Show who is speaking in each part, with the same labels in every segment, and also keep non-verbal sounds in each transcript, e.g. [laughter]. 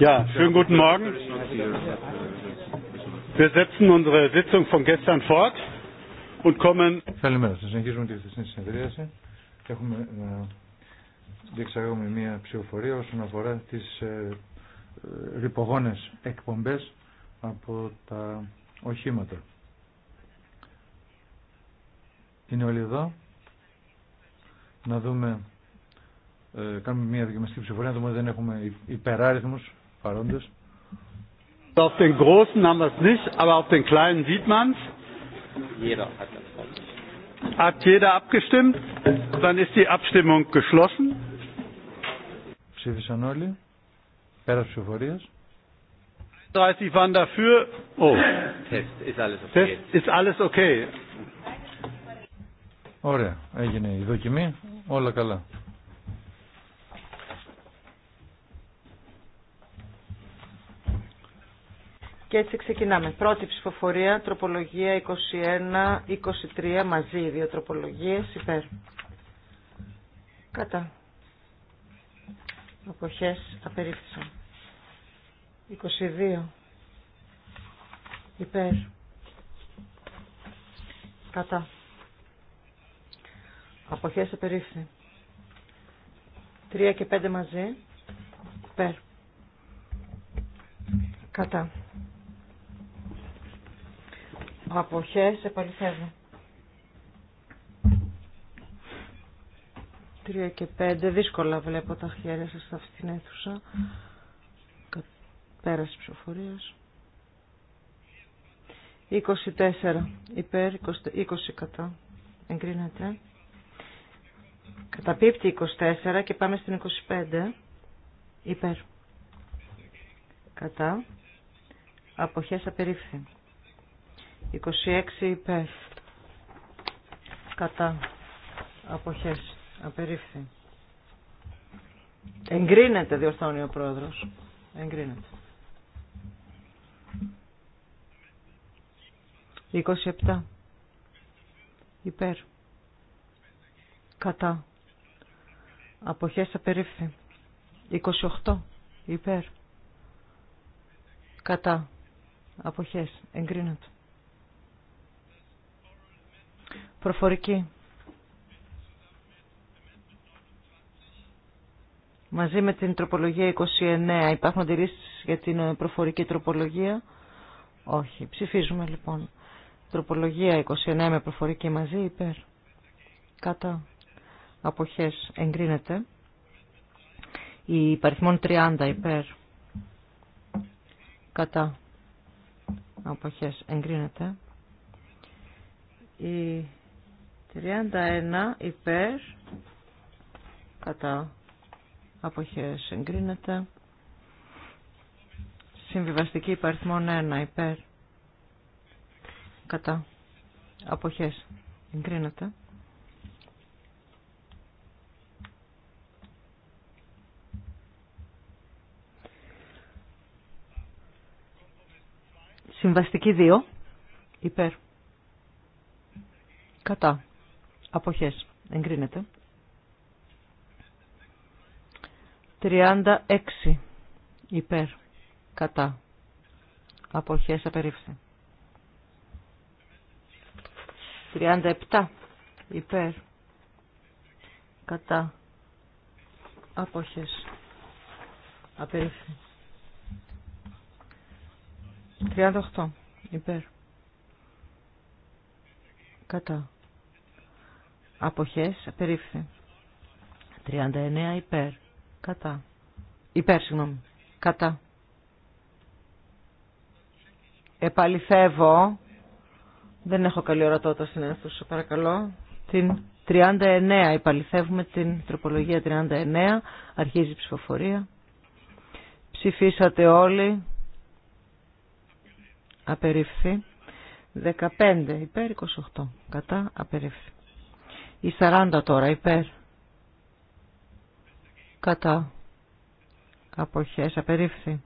Speaker 1: Ja, schönen guten Morgen. Wir setzen unsere Sitzung von gestern fort und kommen. Καλημέρα σας. Συνεχίζουμε τη χθεσινή συνεδρίαση. Έχουμε να ε, διεξαγάγουμε μια ψηφοφορία όσον αφορά τις ρηπογόνε ε, ρηπογόνες εκπομπές από τα οχήματα. Είναι όλοι εδώ. Να δούμε, ε, κάνουμε μια δοκιμαστική ψηφοφορία, να δούμε ότι δεν έχουμε υπεράριθμους Auf den großen haben wir es nicht, aber auf den kleinen sieht man es.
Speaker 2: Jeder hat das.
Speaker 1: Hat jeder abgestimmt? Dann ist die Abstimmung geschlossen. Ψήφισαν όλοι. Πέρα ψηφορίας. 30 waren dafür. Oh. Test ist alles okay. Test ist alles okay. Ωραία. Έγινε η δοκιμή. Όλα
Speaker 2: καλά. Και έτσι ξεκινάμε. Πρώτη ψηφοφορία, τροπολογία 21-23 μαζί, δύο τροπολογίες υπέρ. Κατά. Αποχές απερίφθησαν. 22. Υπέρ. Κατά. Αποχές απερίφθη. 3 και 5 μαζί. Υπέρ. Κατά. Αποχές επαληθεύω. 3 και 5. Δύσκολα βλέπω τα χέρια σας σε αυτήν την αίθουσα. Πέραση ψηφοφορίας. 24 υπέρ, 20, 20 κατά. Εγκρίνεται. Καταπίπτει 24 και πάμε στην 25. Υπέρ. Κατά. Αποχές απερίφθη. 26 υπέρ. Κατά. Αποχές. Απερίφθη. Εγκρίνεται, διορθώνει ο πρόεδρος. Εγκρίνεται. 27. Υπέρ. Κατά. Αποχές απερίφθη. 28. Υπέρ. Κατά. Αποχές. Εγκρίνεται. Προφορική. Μαζί με την τροπολογία 29 υπάρχουν αντιρρήσεις για την ε, προφορική τροπολογία. Όχι. Ψηφίζουμε λοιπόν. Τροπολογία 29 με προφορική μαζί υπέρ. Κατά. Αποχές εγκρίνεται. Η παριθμόν 30 υπέρ. Κατά. Αποχές εγκρίνεται. Η 31 υπέρ κατά αποχές εγκρίνεται συμβιβαστική υπαριθμών 1 υπέρ κατά αποχές εγκρίνεται συμβαστική 2 υπέρ κατά Αποχές. Εγκρίνεται. 36 υπέρ. Κατά. Αποχές απερίφθη. 37 υπέρ. Κατά. Αποχές. Απερίφθη. 38 υπέρ. Κατά αποχές απερίφθη. 39 υπέρ κατά. Υπέρ συγγνώμη. Κατά. Επαληθεύω. Δεν έχω καλή ορατότητα στην αίθουσα, παρακαλώ. Την 39. Επαληθεύουμε την τροπολογία 39. Αρχίζει η ψηφοφορία. Ψηφίσατε όλοι. Απερίφθη. 15 υπέρ 28. Κατά. Απερίφθη. Η 40 τώρα υπέρ. Κατά. Αποχές απερίφθη.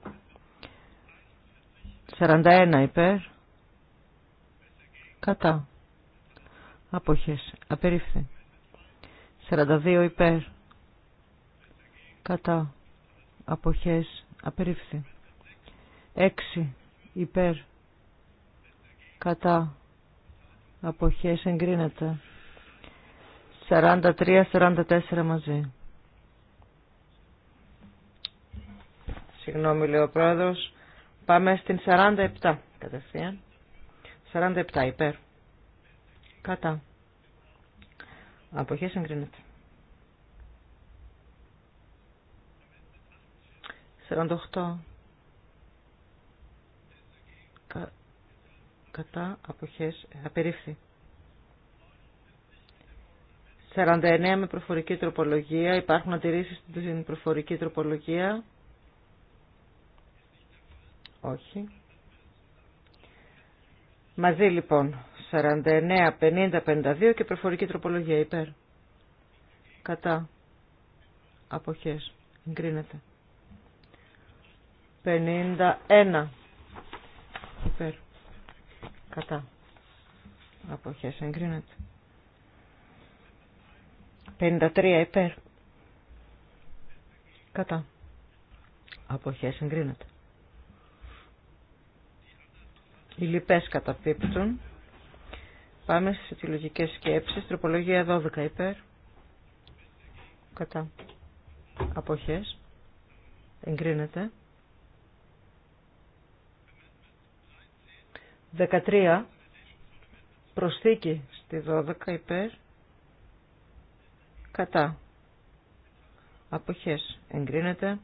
Speaker 2: 41 υπέρ. Κατά. Αποχές απερίφθη. 42 υπέρ. Κατά. Αποχές απερίφθη. 6 υπέρ. Κατά. Αποχές εγκρίνεται. 43-44 μαζί. Συγγνώμη λέει ο πρόεδρος. Πάμε στην 47 κατευθείαν. 47 υπέρ. Κατά. Αποχές εγκρίνεται. 48. κατά αποχές ε, απερίφθη. 49 με προφορική τροπολογία. Υπάρχουν αντιρρήσεις στην προφορική τροπολογία. Όχι. Μαζί λοιπόν 49, 50, 52 και προφορική τροπολογία υπέρ. Κατά. Αποχές. Εγκρίνεται. 51 υπέρ. Κατά. Αποχές. Εγκρίνεται. 53 υπέρ. Κατά. Αποχές εγκρίνεται. Οι λοιπέ καταπίπτουν. Πάμε στι αιτιολογικέ σκέψει Τροπολογία 12 υπέρ. Κατά. Αποχέ. Εγκρίνεται. 13. Προσθήκη στη 12 υπέρ κατά αποχές εγκρίνεται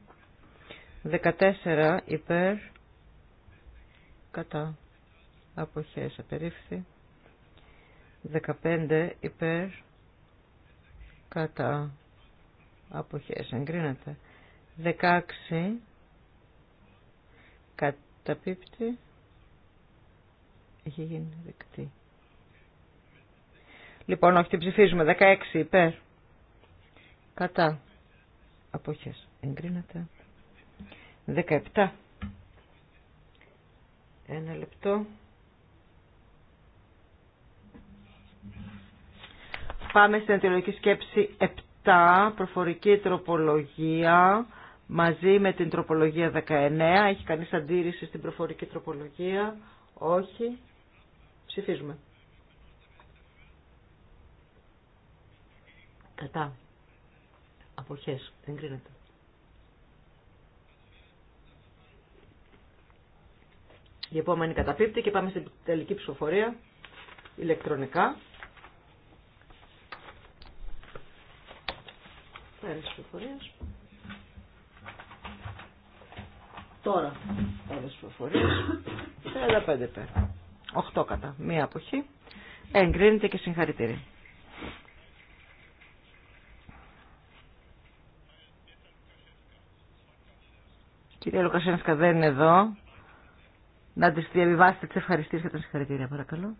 Speaker 2: 14 υπέρ κατά αποχές απερίφθη 15 υπέρ κατά αποχές εγκρίνεται 16 καταπίπτει έχει γίνει δεκτή λοιπόν όχι ψηφίζουμε 16 υπέρ Κατά. Αποχές. Εγκρίνεται. 17. Ένα λεπτό. Πάμε στην αντιλογική σκέψη 7, προφορική τροπολογία, μαζί με την τροπολογία 19. Έχει κανείς αντίρρηση στην προφορική τροπολογία. Όχι. Ψηφίζουμε. Κατά αποχές, κρίνεται. Η επόμενη καταπίπτει και πάμε στην τελική ψηφοφορία ηλεκτρονικά. Πέρασε ψηφοφορίες. Τώρα [coughs] πέρα ψηφοφορίας. 35 πέρα. 8 κατά. Μία αποχή. Εγκρίνεται και συγχαρητήρια. Κυρία Λουκασένσκα δεν είναι εδώ. Να τη διαβιβάσετε τι ευχαριστήσει και τα συγχαρητήρια, παρακαλώ.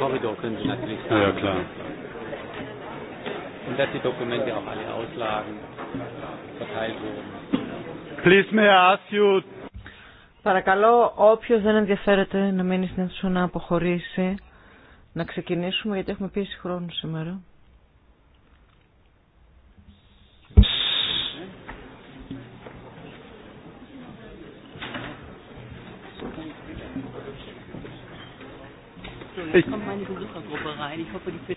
Speaker 1: Korridor können Sie natürlich sagen. Ja, klar. Und dass die Dokumente auch alle auslagen, verteilt wurden. Please may I ask you...
Speaker 2: Παρακαλώ όποιος δεν ενδιαφέρεται να μείνει στην αίθουσα να αποχωρήσει, να ξεκινήσουμε γιατί έχουμε πίεση χρόνου σήμερα. ich komme meine Besuchergruppe rein. Ich hoffe, die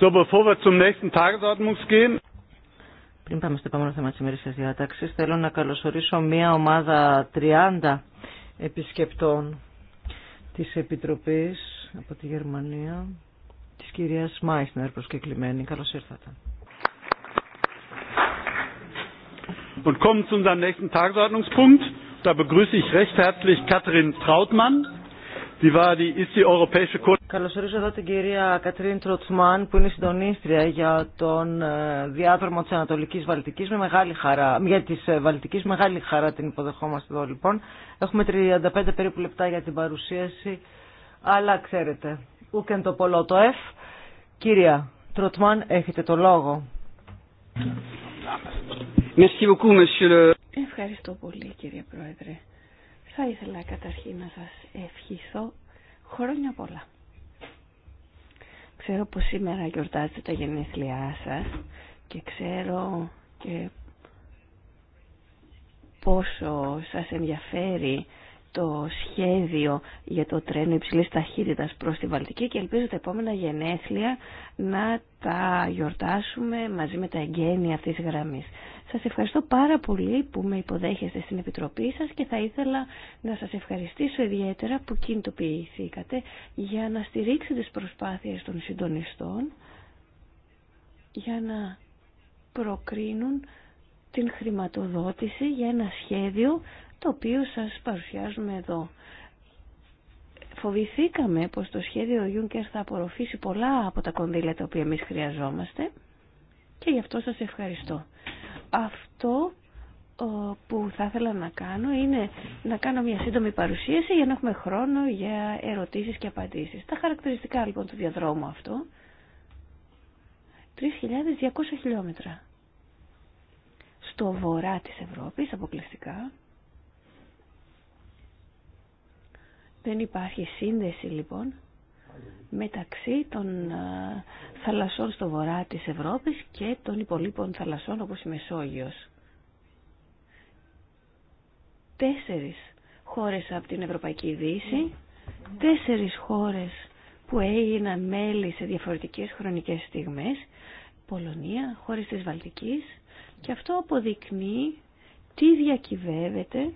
Speaker 2: So, bevor wir zum nächsten Tagesordnungs gehen. Πριν πάμε στο επόμενο θέμα της ημερήσιας διάταξης, θέλω να καλωσορίσω μια ομάδα 30 επισκεπτών της Επιτροπής από τη Γερμανία, της κυρίας Μάισνερ προσκεκλημένη. Καλώς ήρθατε. Und kommen
Speaker 1: zu unserem nächsten Tagesordnungspunkt. Da begrüße ich recht herzlich Katrin Trautmann.
Speaker 2: Καλωσορίζω εδώ την κυρία Κατρίν Τροτσμάν που είναι συντονίστρια για τον ε, διάδρομο της Ανατολικής Βαλτικής με μεγάλη χαρά, για της ε, Βαλτικής μεγάλη χαρά την υποδεχόμαστε εδώ λοιπόν. Έχουμε 35 περίπου λεπτά για την παρουσίαση, αλλά ξέρετε, ούκεν το πολλό το F. Κυρία Τροτσμάν, έχετε το λόγο.
Speaker 3: Ευχαριστώ πολύ κύριε Πρόεδρε. Θα ήθελα καταρχήν να σας ευχηθώ χρόνια πολλά. Ξέρω πως σήμερα γιορτάζετε τα γενέθλιά σας και ξέρω και πόσο σας ενδιαφέρει το σχέδιο για το τρένο υψηλής ταχύτητας προς τη Βαλτική και ελπίζω τα επόμενα γενέθλια να τα γιορτάσουμε μαζί με τα εγγένεια αυτής της γραμμής. Σας ευχαριστώ πάρα πολύ που με υποδέχεστε στην Επιτροπή σας και θα ήθελα να σας ευχαριστήσω ιδιαίτερα που κινητοποιηθήκατε για να στηρίξετε τις προσπάθειες των συντονιστών για να προκρίνουν την χρηματοδότηση για ένα σχέδιο το οποίο σας παρουσιάζουμε εδώ. Φοβηθήκαμε πως το σχέδιο Juncker θα απορροφήσει πολλά από τα κονδύλια τα οποία εμείς χρειαζόμαστε και γι' αυτό σας ευχαριστώ. Αυτό που θα ήθελα να κάνω είναι να κάνω μια σύντομη παρουσίαση για να έχουμε χρόνο για ερωτήσεις και απαντήσεις. Τα χαρακτηριστικά λοιπόν του διαδρόμου αυτού. 3.200 χιλιόμετρα. Στο βορρά της Ευρώπης αποκλειστικά. Δεν υπάρχει σύνδεση λοιπόν μεταξύ των ε, θαλασσών στο βορρά της Ευρώπης και των υπολείπων θαλασσών όπως η Μεσόγειος. Τέσσερις χώρες από την Ευρωπαϊκή Δύση, τέσσερις χώρες που έγιναν μέλη σε διαφορετικές χρονικές στιγμές, Πολωνία, χώρες της Βαλτικής και αυτό αποδεικνύει τι διακυβεύεται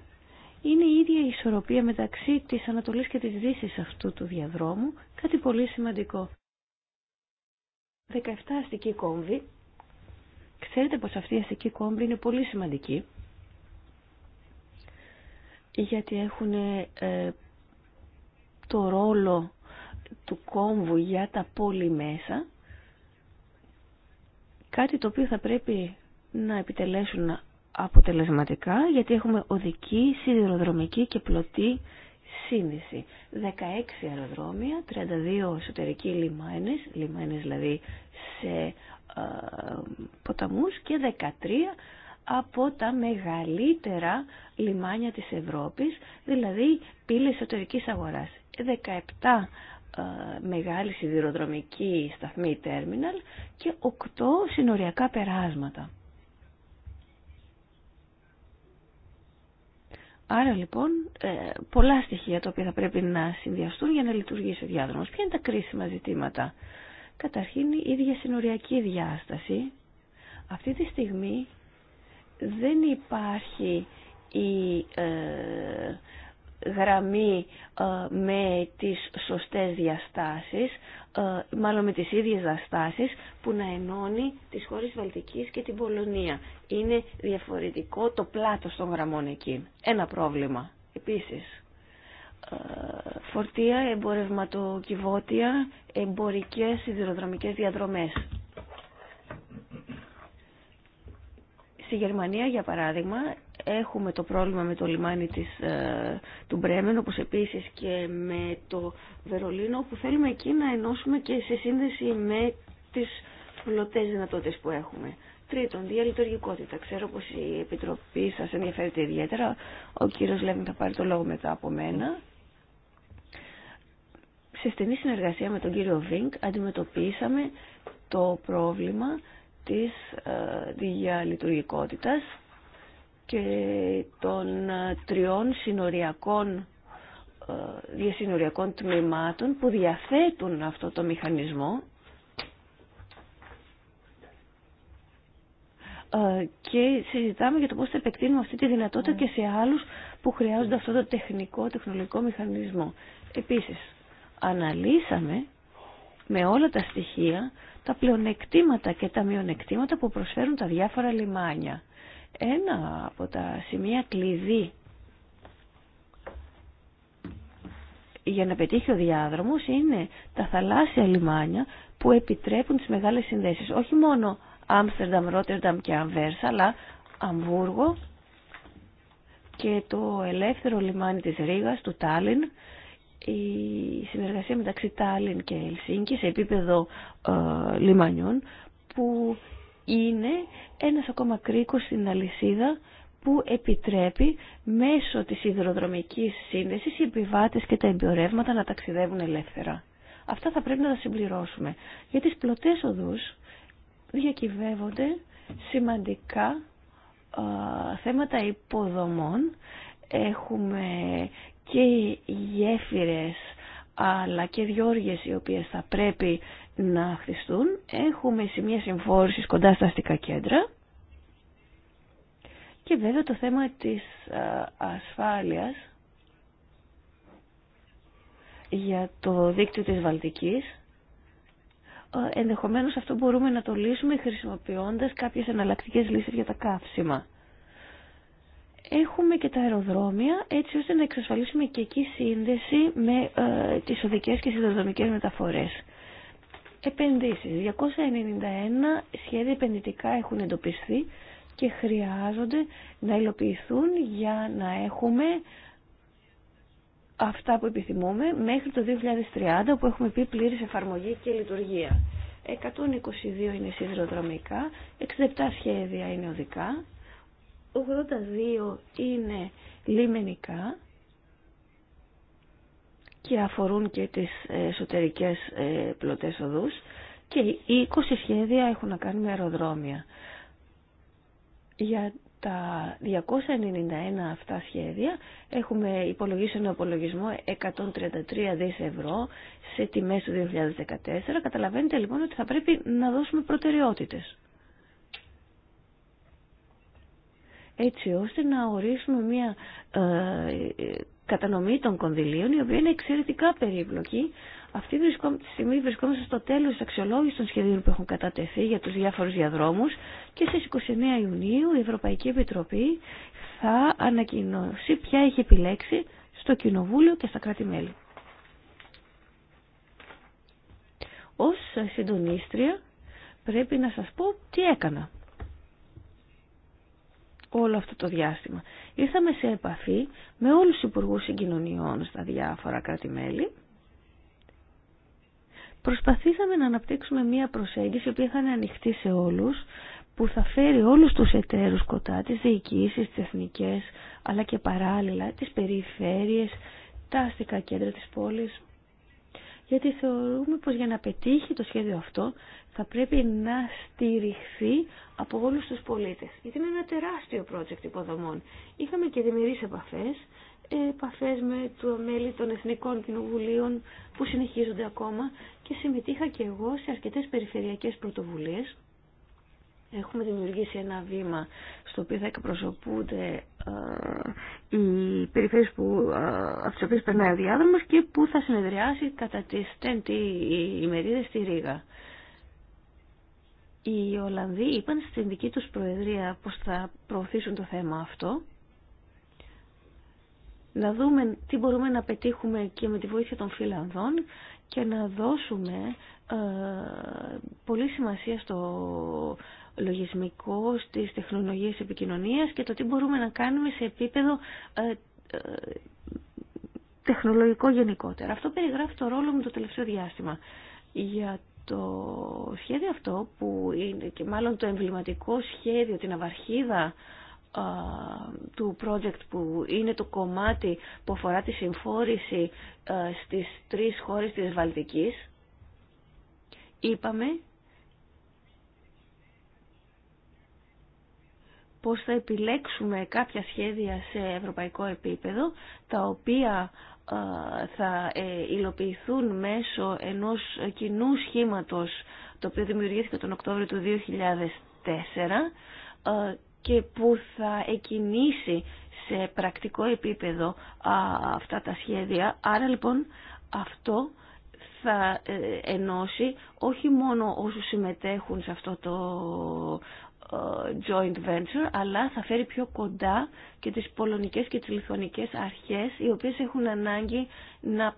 Speaker 3: είναι η ίδια η ισορροπία μεταξύ της Ανατολής και της Δύσης αυτού του διαδρόμου, κάτι πολύ σημαντικό. 17 αστική κόμβη. Ξέρετε πως αυτή η αστική κόμβη είναι πολύ σημαντική, γιατί έχουν ε, το ρόλο του κόμβου για τα πόλη μέσα, κάτι το οποίο θα πρέπει να επιτελέσουν αποτελεσματικά γιατί έχουμε οδική, σιδηροδρομική και πλωτή σύνδεση. 16 αεροδρόμια, 32 εσωτερικοί λιμάνες, λιμάνες δηλαδή σε ε, ποταμούς και 13 από τα μεγαλύτερα λιμάνια της Ευρώπης, δηλαδή πύλη εσωτερική αγοράς. 17 ε, μεγάλη σιδηροδρομική σταθμή τέρμιναλ και 8 συνοριακά περάσματα. Άρα λοιπόν ε, πολλά στοιχεία τα οποία θα πρέπει να συνδυαστούν για να λειτουργήσει ο διάδρομος. Ποια είναι τα κρίσιμα ζητήματα. Καταρχήν η ίδια συνοριακή διάσταση. Αυτή τη στιγμή δεν υπάρχει η ε, γραμμή ε, με τις σωστές διαστάσεις, ε, μάλλον με τις ίδιες διαστάσεις που να ενώνει τις χώρες Βαλτικής και την Πολωνία. Είναι διαφορετικό το πλάτος των γραμμών εκεί. Ένα πρόβλημα. Επίσης, ε, φορτία, εμπορευματοκιβώτια, εμπορικές σιδηροδρομικές διαδρομές. Στη Γερμανία, για παράδειγμα, Έχουμε το πρόβλημα με το λιμάνι της, ε, του Μπρέμεν, όπως επίσης και με το Βερολίνο, που θέλουμε εκεί να ενώσουμε και σε σύνδεση με τις φλωτές δυνατότητες που έχουμε. Τρίτον, διαλειτουργικότητα. Ξέρω πως η Επιτροπή σας ενδιαφέρεται ιδιαίτερα. Ο κύριος Λέβιν θα πάρει το λόγο μετά από μένα. Σε στενή συνεργασία με τον κύριο Βίνκ αντιμετωπίσαμε το πρόβλημα της ε, διαλειτουργικότητας και των ε, τριών συνοριακών ε, διασυνοριακών τμήματων που διαθέτουν αυτό το μηχανισμό ε, και συζητάμε για το πώς θα επεκτείνουμε αυτή τη δυνατότητα ναι. και σε άλλους που χρειάζονται αυτό το τεχνικό, τεχνολογικό μηχανισμό. Επίσης, αναλύσαμε με όλα τα στοιχεία τα πλεονεκτήματα και τα μειονεκτήματα που προσφέρουν τα διάφορα λιμάνια. Ένα από τα σημεία κλειδί για να πετύχει ο διάδρομος είναι τα θαλάσσια λιμάνια που επιτρέπουν τις μεγάλες συνδέσεις. Όχι μόνο Άμστερνταμ, Ρότερνταμ και Αμβέρσα, αλλά Αμβούργο και το ελεύθερο λιμάνι της Ρήγας, του Τάλιν. Η συνεργασία μεταξύ Τάλιν και Ελσίνκη σε επίπεδο ε, λιμανιών που είναι ένας ακόμα κρίκος στην αλυσίδα που επιτρέπει μέσω της υδροδρομικής σύνδεσης οι επιβάτες και τα εμπορεύματα να ταξιδεύουν ελεύθερα. Αυτά θα πρέπει να τα συμπληρώσουμε. Για τις πλωτές οδούς διακυβεύονται σημαντικά θέματα υποδομών. Έχουμε και γέφυρες αλλά και διόργες οι οποίες θα πρέπει να χτιστούν. Έχουμε σημεία συμφόρησης κοντά στα αστικά κέντρα. Και βέβαια το θέμα της ασφάλειας για το δίκτυο της Βαλτικής. Ενδεχομένως αυτό μπορούμε να το λύσουμε χρησιμοποιώντας κάποιες εναλλακτικές λύσεις για τα καύσιμα έχουμε και τα αεροδρόμια έτσι ώστε να εξασφαλίσουμε και εκεί σύνδεση με ε, τις οδικές και σιδεροδρομικές μεταφορές. Επενδύσεις. 291 σχέδια επενδυτικά έχουν εντοπιστεί και χρειάζονται να υλοποιηθούν για να έχουμε αυτά που επιθυμούμε μέχρι το 2030 που έχουμε πει πλήρης εφαρμογή και λειτουργία. 122 είναι σιδηροδρομικά, 67 σχέδια είναι οδικά, 82 είναι λιμενικά και αφορούν και τις εσωτερικές ε, πλωτές οδούς και οι 20 σχέδια έχουν να κάνουν με αεροδρόμια. Για τα 291 αυτά σχέδια έχουμε υπολογίσει ένα απολογισμό 133 δις ευρώ σε τιμές του 2014. Καταλαβαίνετε λοιπόν ότι θα πρέπει να δώσουμε προτεραιότητες. έτσι ώστε να ορίσουμε μια ε, κατανομή των κονδυλίων η οποία είναι εξαιρετικά περίπλοκη. Αυτή τη στιγμή βρισκόμαστε στο τέλος της αξιολόγησης των σχεδίων που έχουν κατατεθεί για τους διάφορους διαδρόμους και στις 29 Ιουνίου η Ευρωπαϊκή Επιτροπή θα ανακοινώσει ποια έχει επιλέξει στο Κοινοβούλιο και στα κράτη-μέλη. Ως συντονίστρια πρέπει να σας πω τι έκανα όλο αυτό το διάστημα. Ήρθαμε σε επαφή με όλους τους υπουργού συγκοινωνιών στα διάφορα κράτη-μέλη. Προσπαθήσαμε να αναπτύξουμε μία προσέγγιση, η οποία θα είναι ανοιχτή σε όλους, που θα φέρει όλους τους εταίρους κοντά, τις διοικήσεις, τις εθνικές, αλλά και παράλληλα τις περιφέρειες, τα αστικά κέντρα της πόλης, γιατί θεωρούμε πως για να πετύχει το σχέδιο αυτό θα πρέπει να στηριχθεί από όλους τους πολίτες. Γιατί είναι ένα τεράστιο project υποδομών. Είχαμε και δημιουργείς επαφές, επαφές με το μέλη των Εθνικών Κοινοβουλίων που συνεχίζονται ακόμα και συμμετείχα και εγώ σε αρκετές περιφερειακές πρωτοβουλίες Έχουμε δημιουργήσει ένα βήμα στο οποίο θα εκπροσωπούνται ε, οι περιφέρειες που, ε, από τις οποίες περνάει ο διάδρομος και που θα συνεδριάσει κατά τις τέντη ημερίδες στη Ρήγα. Οι Ολλανδοί είπαν στην δική τους Προεδρία πως θα προωθήσουν το θέμα αυτό. Να δούμε τι μπορούμε να πετύχουμε και με τη βοήθεια των Φιλανδών και να δώσουμε ε, πολύ σημασία στο λογισμικό, στις τεχνολογίες επικοινωνίας και το τι μπορούμε να κάνουμε σε επίπεδο ε, ε, τεχνολογικό γενικότερα. Αυτό περιγράφει το ρόλο μου το τελευταίο διάστημα. Για το σχέδιο αυτό που είναι και μάλλον το εμβληματικό σχέδιο, την αυαρχίδα ε, του project που είναι το κομμάτι που αφορά τη συμφόρηση στις τρεις χώρες της Βαλτικής είπαμε πως θα επιλέξουμε κάποια σχέδια σε ευρωπαϊκό επίπεδο, τα οποία ε, θα ε, υλοποιηθούν μέσω ενός κοινού σχήματος, το οποίο δημιουργήθηκε τον Οκτώβριο του 2004 ε, και που θα εκινήσει σε πρακτικό επίπεδο αυτά τα σχέδια. Άρα λοιπόν αυτό θα ενώσει όχι μόνο όσους συμμετέχουν σε αυτό το ε, joint venture, αλλά θα φέρει πιο κοντά και τις πολωνικές και τις λιθωνικές αρχές, οι οποίες έχουν ανάγκη να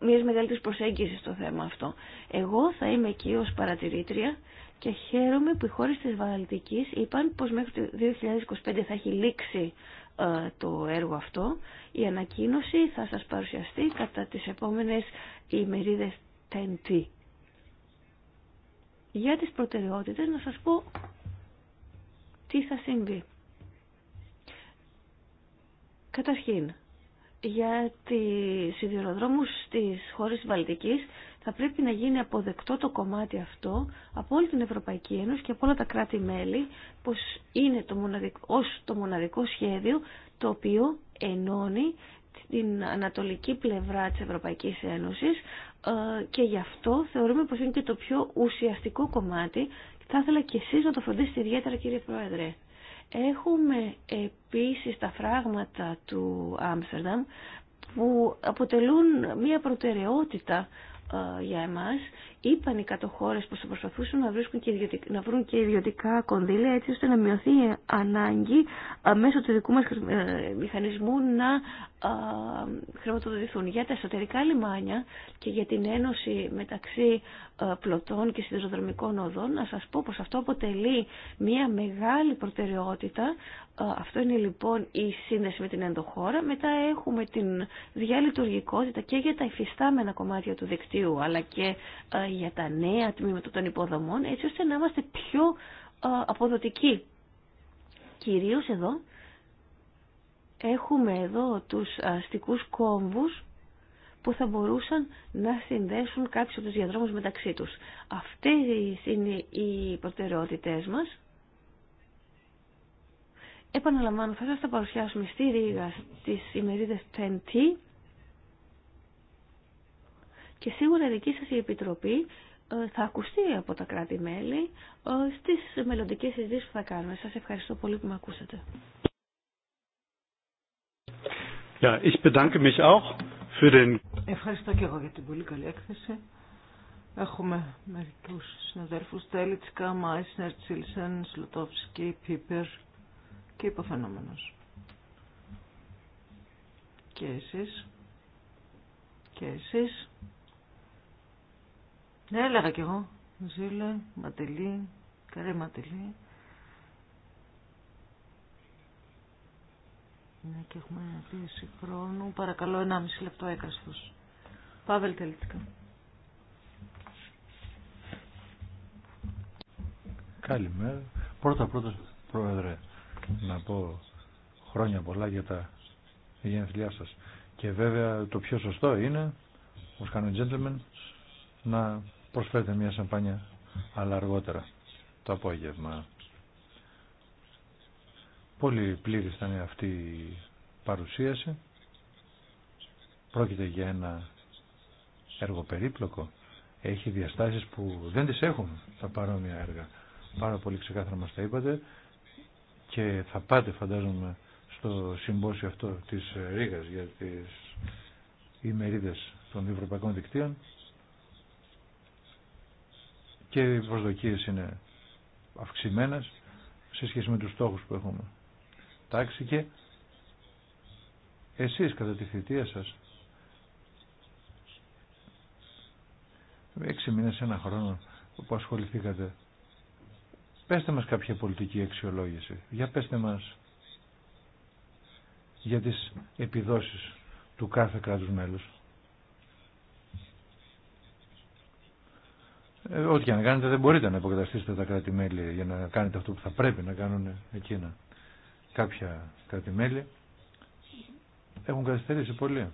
Speaker 3: μια μεγαλύτερης προσέγγισης στο θέμα αυτό. Εγώ θα είμαι εκεί ως παρατηρήτρια και χαίρομαι που οι χώρες της Βαλτικής είπαν πως μέχρι το 2025 θα έχει λήξει ε, το έργο αυτό. Η ανακοίνωση θα σας παρουσιαστεί κατά τις επόμενες ημερίδες TNT. Για τις προτεραιότητες να σας πω τι θα συμβεί. Καταρχήν, για τις σιδηροδρόμους στις χώρες της Βαλτικής θα πρέπει να γίνει αποδεκτό το κομμάτι αυτό από όλη την Ευρωπαϊκή Ένωση και από όλα τα κράτη-μέλη πως είναι το μοναδικό, ως το μοναδικό σχέδιο το οποίο ενώνει την ανατολική πλευρά της Ευρωπαϊκής Ένωσης ε, και γι' αυτό θεωρούμε πως είναι και το πιο ουσιαστικό κομμάτι θα ήθελα και εσεί να το φροντίσετε ιδιαίτερα κύριε Πρόεδρε. Έχουμε επίσης τα φράγματα του Άμστερνταμ που αποτελούν μια προτεραιότητα ε, για εμάς είπαν οι κατοχώρε που θα προσπαθούσαν να, βρίσκουν και ιδιωτικ... να βρουν και ιδιωτικά κονδύλια έτσι ώστε να μειωθεί η ανάγκη ε, μέσω του δικού ε, μηχανισμού να ε, χρηματοδοτηθούν. Για τα εσωτερικά λιμάνια και για την ένωση μεταξύ ε, πλωτών και σιδηροδρομικών οδών να σα πω πω αυτό αποτελεί μια μεγάλη προτεραιότητα. Αυτό είναι λοιπόν η σύνδεση με την ενδοχώρα. Μετά έχουμε την διαλειτουργικότητα και για τα υφιστάμενα κομμάτια του δικτύου αλλά και για τα νέα τμήματα των υποδομών έτσι ώστε να είμαστε πιο αποδοτικοί. Κυρίως εδώ έχουμε εδώ τους αστικούς κόμβους που θα μπορούσαν να συνδέσουν κάποιους από τους διαδρόμους μεταξύ τους. Αυτές είναι οι προτεραιότητές μας. Επαναλαμβάνω, θα σας τα παρουσιάσουμε στη Ρήγα στις ημερίδες 10T και σίγουρα η δική σας η Επιτροπή ε, θα ακουστεί από τα κράτη-μέλη ε, στις μελλοντικές συζητήσεις που θα κάνουμε. Σας ευχαριστώ πολύ που με ακούσατε. Ευχαριστώ και
Speaker 2: εγώ για την πολύ καλή έκθεση. Έχουμε μερικού συναδέλφου, Τέλιτσκα, Μάισνερ, Τσίλσεν, Σλοτόφσκι, Πίπερ και υποφαινόμενο. Και εσεί. Και εσεί. Ναι, έλεγα κι εγώ. Ζήλε, ματελή, καρέ ματελή. Ναι, και έχουμε πίεση χρόνου. Παρακαλώ, μισή λεπτό έκαστος. Πάβελ Τελίτσκα.
Speaker 1: Καλημέρα. Πρώτα πρώτα, Πρόεδρε, να πω χρόνια πολλά για τα γενεθλιά σας. Και βέβαια το πιο σωστό είναι, ως κάνουν gentlemen, να προσφέρετε μια σαμπάνια, αλλά αργότερα, το απόγευμα. Πολύ πλήρη ήταν αυτή η παρουσίαση. Πρόκειται για ένα έργο περίπλοκο. Έχει διαστάσεις που δεν τις έχουν τα παρόμοια έργα. Πάρα πολύ ξεκάθαρα μας τα είπατε και θα πάτε φαντάζομαι στο συμπόσιο αυτό της Ρήγας για τις ημερίδες των Ευρωπαϊκών Δικτύων και οι προσδοκίε είναι αυξημένε σε σχέση με τους στόχου που έχουμε. Εντάξει, και εσείς κατά τη θητεία σα. έξι μήνες, ένα χρόνο που ασχοληθήκατε πέστε μας κάποια πολιτική αξιολόγηση για πέστε μας για τις επιδόσεις του κάθε κράτους μέλους Ε, ό,τι και να κάνετε δεν μπορείτε να υποκαταστήσετε τα κράτη-μέλη για να κάνετε αυτό που θα πρέπει να κάνουν εκείνα. Κάποια κράτη-μέλη έχουν καθυστερήσει πολύ.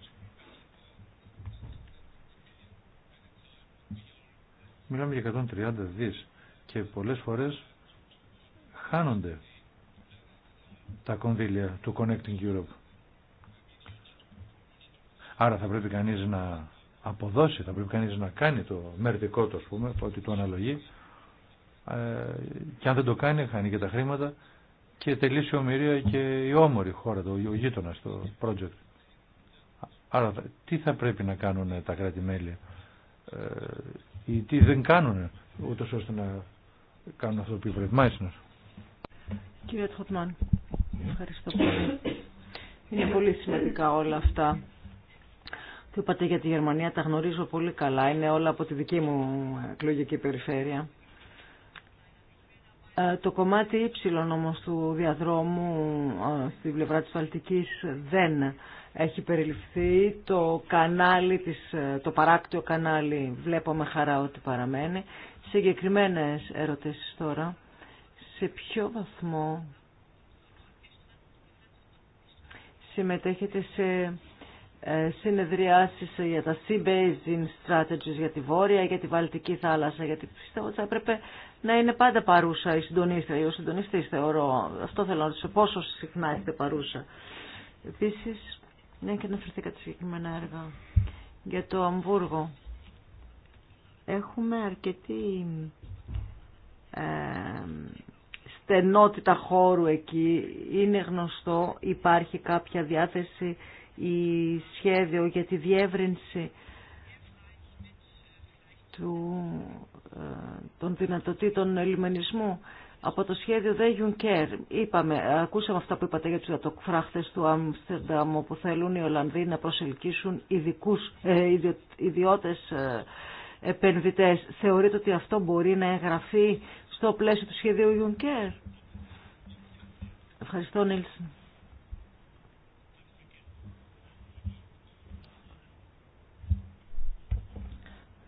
Speaker 1: Μιλάμε για 130 δις και πολλές φορές χάνονται τα κονδύλια του Connecting Europe. Άρα θα πρέπει κανείς να αποδώσει, θα πρέπει κανείς να κάνει το μερτικό του, ας πούμε, το ότι το αναλογεί ε, και αν δεν το κάνει, χάνει και τα χρήματα και τελείσει η ομοιρία και η όμορη χώρα, το, ο γείτονα το project. Άρα, τι θα πρέπει να κάνουν τα κράτη-μέλη ε, ή τι δεν κάνουν, ούτως ώστε να κάνουν αυτό που πρέπει. Μάλιστα.
Speaker 2: Κύριε Τχοτμάν, ευχαριστώ πολύ.
Speaker 3: Είναι πολύ σημαντικά
Speaker 2: όλα αυτά τι είπατε για τη Γερμανία, τα γνωρίζω πολύ καλά. Είναι όλα από τη δική μου εκλογική περιφέρεια. Ε, το κομμάτι ύψιλον όμως του διαδρόμου ε, στη πλευρά της Βαλτικής δεν έχει περιληφθεί. Το, κανάλι της, ε, το παράκτιο κανάλι βλέπω με χαρά ότι παραμένει. Συγκεκριμένες ερωτήσεις τώρα. Σε ποιο βαθμό συμμετέχετε σε ε, συνεδριάσεις για τα Sea Basin Strategies για τη Βόρεια, για τη Βαλτική θάλασσα, γιατί πιστεύω ότι θα έπρεπε να είναι πάντα παρούσα η συντονίστρια ή ο συντονιστής θεωρώ. Αυτό θέλω να ρωτήσω, πόσο συχνά είστε παρούσα. Επίσης, ναι και αναφερθήκατε συγκεκριμένα έργα για το Αμβούργο. Έχουμε αρκετή ε, στενότητα χώρου εκεί. Είναι γνωστό, υπάρχει κάποια διάθεση ή σχέδιο για τη διεύρυνση του, ε, των δυνατοτήτων λιμενισμού από το σχέδιο The Juncker. Είπαμε, ακούσαμε αυτά που είπατε για τους ατοκφράχτες του Άμστερνταμ όπου θέλουν οι Ολλανδοί να προσελκύσουν ειδικούς, ε, ιδιώτες ε, επενδυτές. Θεωρείτε ότι αυτό μπορεί να εγγραφεί στο πλαίσιο του σχεδίου Juncker. Ευχαριστώ Νίλσον.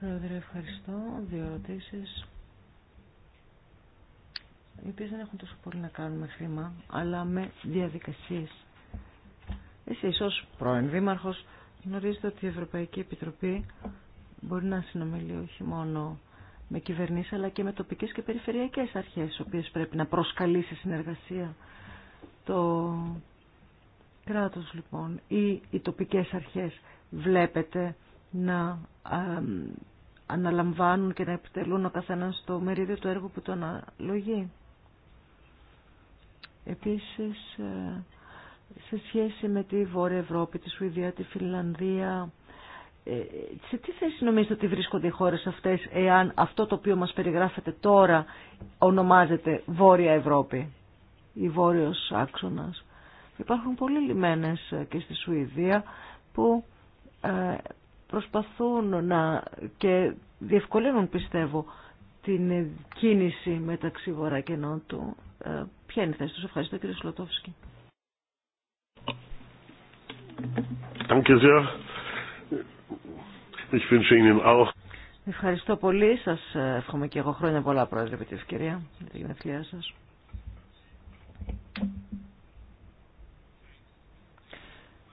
Speaker 2: Πρόεδρε, ευχαριστώ. Δύο ερωτήσει. Οι οποίε δεν έχουν τόσο πολύ να κάνουν με χρήμα, αλλά με διαδικασίε. Εσείς ως πρώην Δήμαρχο, γνωρίζετε ότι η Ευρωπαϊκή Επιτροπή μπορεί να συνομιλεί όχι μόνο με κυβερνήσει, αλλά και με τοπικές και περιφερειακές αρχές οι οποίες πρέπει να προσκαλεί σε συνεργασία το κράτος λοιπόν ή οι τοπικές αρχές βλέπετε να αναλαμβάνουν και να επιτελούν ο καθένας το μερίδιο του έργου που το αναλογεί. Επίσης, ε, σε σχέση με τη Βόρεια Ευρώπη, τη Σουηδία, τη Φιλανδία, ε, σε τι θέση νομίζετε ότι βρίσκονται οι χώρες αυτές εάν αυτό το οποίο μας περιγράφεται τώρα ονομάζεται Βόρεια Ευρώπη ή Βόρειος Άξονας. Υπάρχουν πολλοί λιμένες ε, και στη Σουηδία που προσπαθούν να και διευκολύνουν πιστεύω την κίνηση μεταξύ Βορρά και Νότου. Ε, ποια είναι η θέση τους. Ευχαριστώ κύριε Σλοτόφσκι. Ευχαριστώ πολύ. Σας ε, εύχομαι και εγώ χρόνια πολλά πρόεδρε επί τη ευκαιρία για την σας.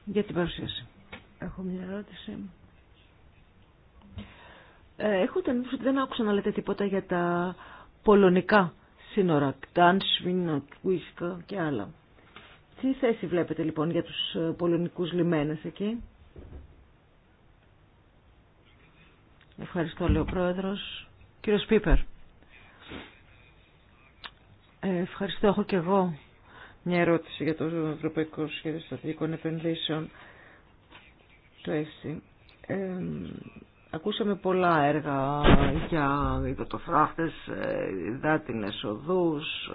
Speaker 2: Για την παρουσίαση. Έχω μια ερώτηση ε, έχω την ότι δεν άκουσα να λέτε τίποτα για τα πολωνικά σύνορα, Κτάνσβιν, Κουίσκα και άλλα. Τι θέση βλέπετε λοιπόν για τους ε, πολωνικούς λιμένες εκεί. Ευχαριστώ λέει ο Πρόεδρος. Κύριος Πίπερ. Ε, ευχαριστώ. Έχω και εγώ μια ερώτηση για το Ευρωπαϊκό Σχέδιο Στατικών Επενδύσεων, το ΕΣΥ. Ακούσαμε πολλά έργα για υδατοφράχτες, ε, υδάτινες οδούς,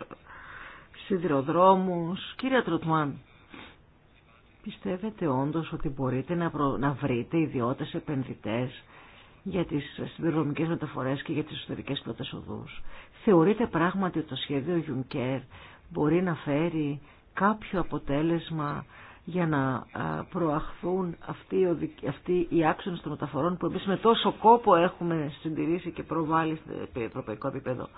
Speaker 2: σιδηροδρόμους. Κύριε Τροτμάν, πιστεύετε όντως ότι μπορείτε να, να βρείτε ιδιώτες επενδυτές για τις σιδηροδρομικές μεταφορές και για τις εσωτερικές πλωτές οδούς. Θεωρείτε πράγματι ότι το σχέδιο Juncker μπορεί να φέρει κάποιο αποτέλεσμα για να προαχθούν αυτοί, οι άξονες των μεταφορών που εμείς με τόσο κόπο έχουμε συντηρήσει και προβάλλει στο ευρωπαϊκό επίπεδο.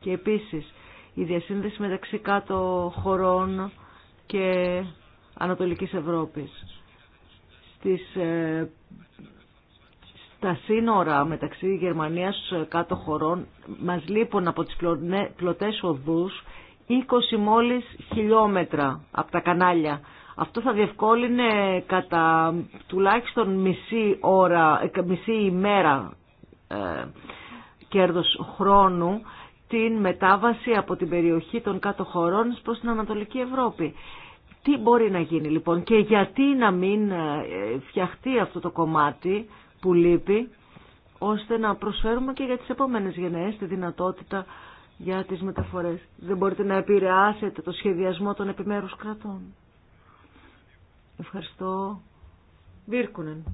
Speaker 2: Και επίσης η διασύνδεση μεταξύ κάτω χωρών και Ανατολικής Ευρώπης. Στις, ε, στα σύνορα μεταξύ Γερμανίας κάτω χωρών μας λείπουν από τις ναι, πλωτές οδούς 20 μόλις χιλιόμετρα από τα κανάλια αυτό θα διευκόλυνε κατά τουλάχιστον μισή ώρα, μισή ημέρα ε, κέρδος χρόνου την μετάβαση από την περιοχή των κάτω χωρών προς την Ανατολική Ευρώπη. Τι μπορεί να γίνει λοιπόν και γιατί να μην ε, φτιαχτεί αυτό το κομμάτι που λείπει ώστε να προσφέρουμε και για τις επόμενες γενναίες τη δυνατότητα για τις μεταφορές. Δεν μπορείτε να επηρεάσετε το σχεδιασμό των επιμέρους κρατών. Ευχαριστώ. Βίρκουνεν.